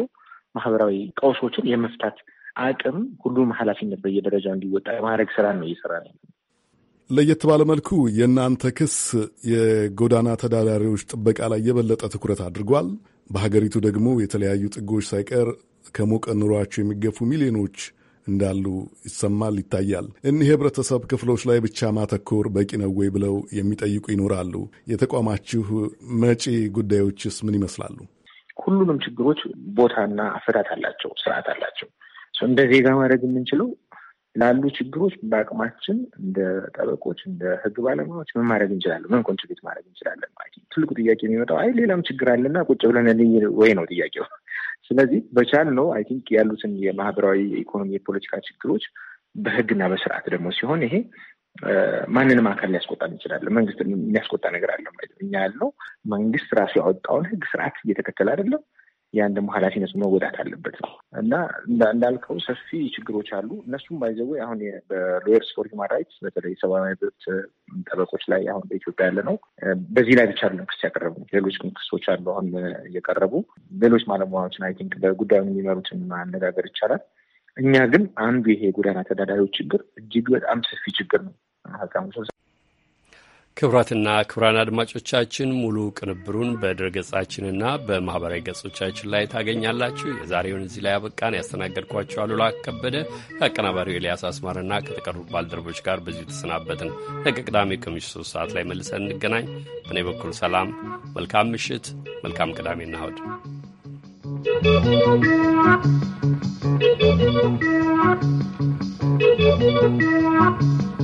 ማህበራዊ ቀውሶችን የመፍታት አቅም ሁሉም ኃላፊነት በየደረጃ እንዲወጣ የማድረግ ስራ ነው እየሰራ ነው። ለየት ባለ መልኩ የእናንተ ክስ የጎዳና ተዳዳሪዎች ጥበቃ ላይ የበለጠ ትኩረት አድርጓል። በሀገሪቱ ደግሞ የተለያዩ ጥጎች ሳይቀር ከሞቀ ኑሯቸው የሚገፉ ሚሊዮኖች እንዳሉ ይሰማል፣ ይታያል። እኒህ የህብረተሰብ ክፍሎች ላይ ብቻ ማተኮር በቂ ነው ወይ ብለው የሚጠይቁ ይኖራሉ። የተቋማችሁ መጪ ጉዳዮችስ ምን ይመስላሉ? ሁሉንም ችግሮች ቦታና አፈታት አላቸው፣ ስርዓት አላቸው። እንደ ዜጋ ማድረግ የምንችለው ላሉ ችግሮች በአቅማችን እንደ ጠበቆች እንደ ህግ ባለሙያዎች ምን ማድረግ እንችላለን? ምን ኮንትሪቢዩት ማድረግ እንችላለን? ትልቁ ጥያቄ የሚመጣው አይ ሌላም ችግር አለና ቁጭ ብለን ወይ ነው ጥያቄው። ስለዚህ በቻል ነው አይ ቲንክ ያሉትን የማህበራዊ የኢኮኖሚ፣ የፖለቲካ ችግሮች በህግና በስርዓት ደግሞ ሲሆን ይሄ ማንንም አካል ሊያስቆጣን እንችላለን። መንግስት የሚያስቆጣ ነገር አለ ማለት እኛ ያለው መንግስት ራሱ ያወጣውን ህግ ስርዓት እየተከተለ አይደለም። ያን ደግሞ ኃላፊነቱ መወጣት አለበት ነው እና እንዳልከው ሰፊ ችግሮች አሉ። እነሱም ባይዘዌ አሁን በሎየርስ ፎር ሂውማን ራይትስ በተለይ ሰብአዊ መብት ጠበቆች ላይ አሁን በኢትዮጵያ ያለ ነው። በዚህ ላይ ብቻ አይደለም ክስ ያቀረቡ ሌሎች ክሶች አሉ አሁን እየቀረቡ ሌሎች ባለሙያዎችን አይ ቲንክ በጉዳዩን የሚመሩትን ማነጋገር ይቻላል። እኛ ግን አንዱ ይሄ የጎዳና ተዳዳሪዎች ችግር እጅግ በጣም ሰፊ ችግር ነው። ክቡራትና ክቡራን አድማጮቻችን ሙሉ ቅንብሩን በድረገጻችንና በማኅበራዊ ገጾቻችን ላይ ታገኛላችሁ። የዛሬውን እዚህ ላይ አበቃን። ያስተናገድኳቸው አሉላ ከበደ ከአቀናባሪው ኤልያስ አስማርና ከተቀሩ ባልደረቦች ጋር በዚሁ ተሰናበትን። ነገ ቅዳሜ ከምሽቱ ሶስት ሰዓት ላይ መልሰን እንገናኝ። በእኔ በኩል ሰላም፣ መልካም ምሽት፣ መልካም ቅዳሜና እሁድ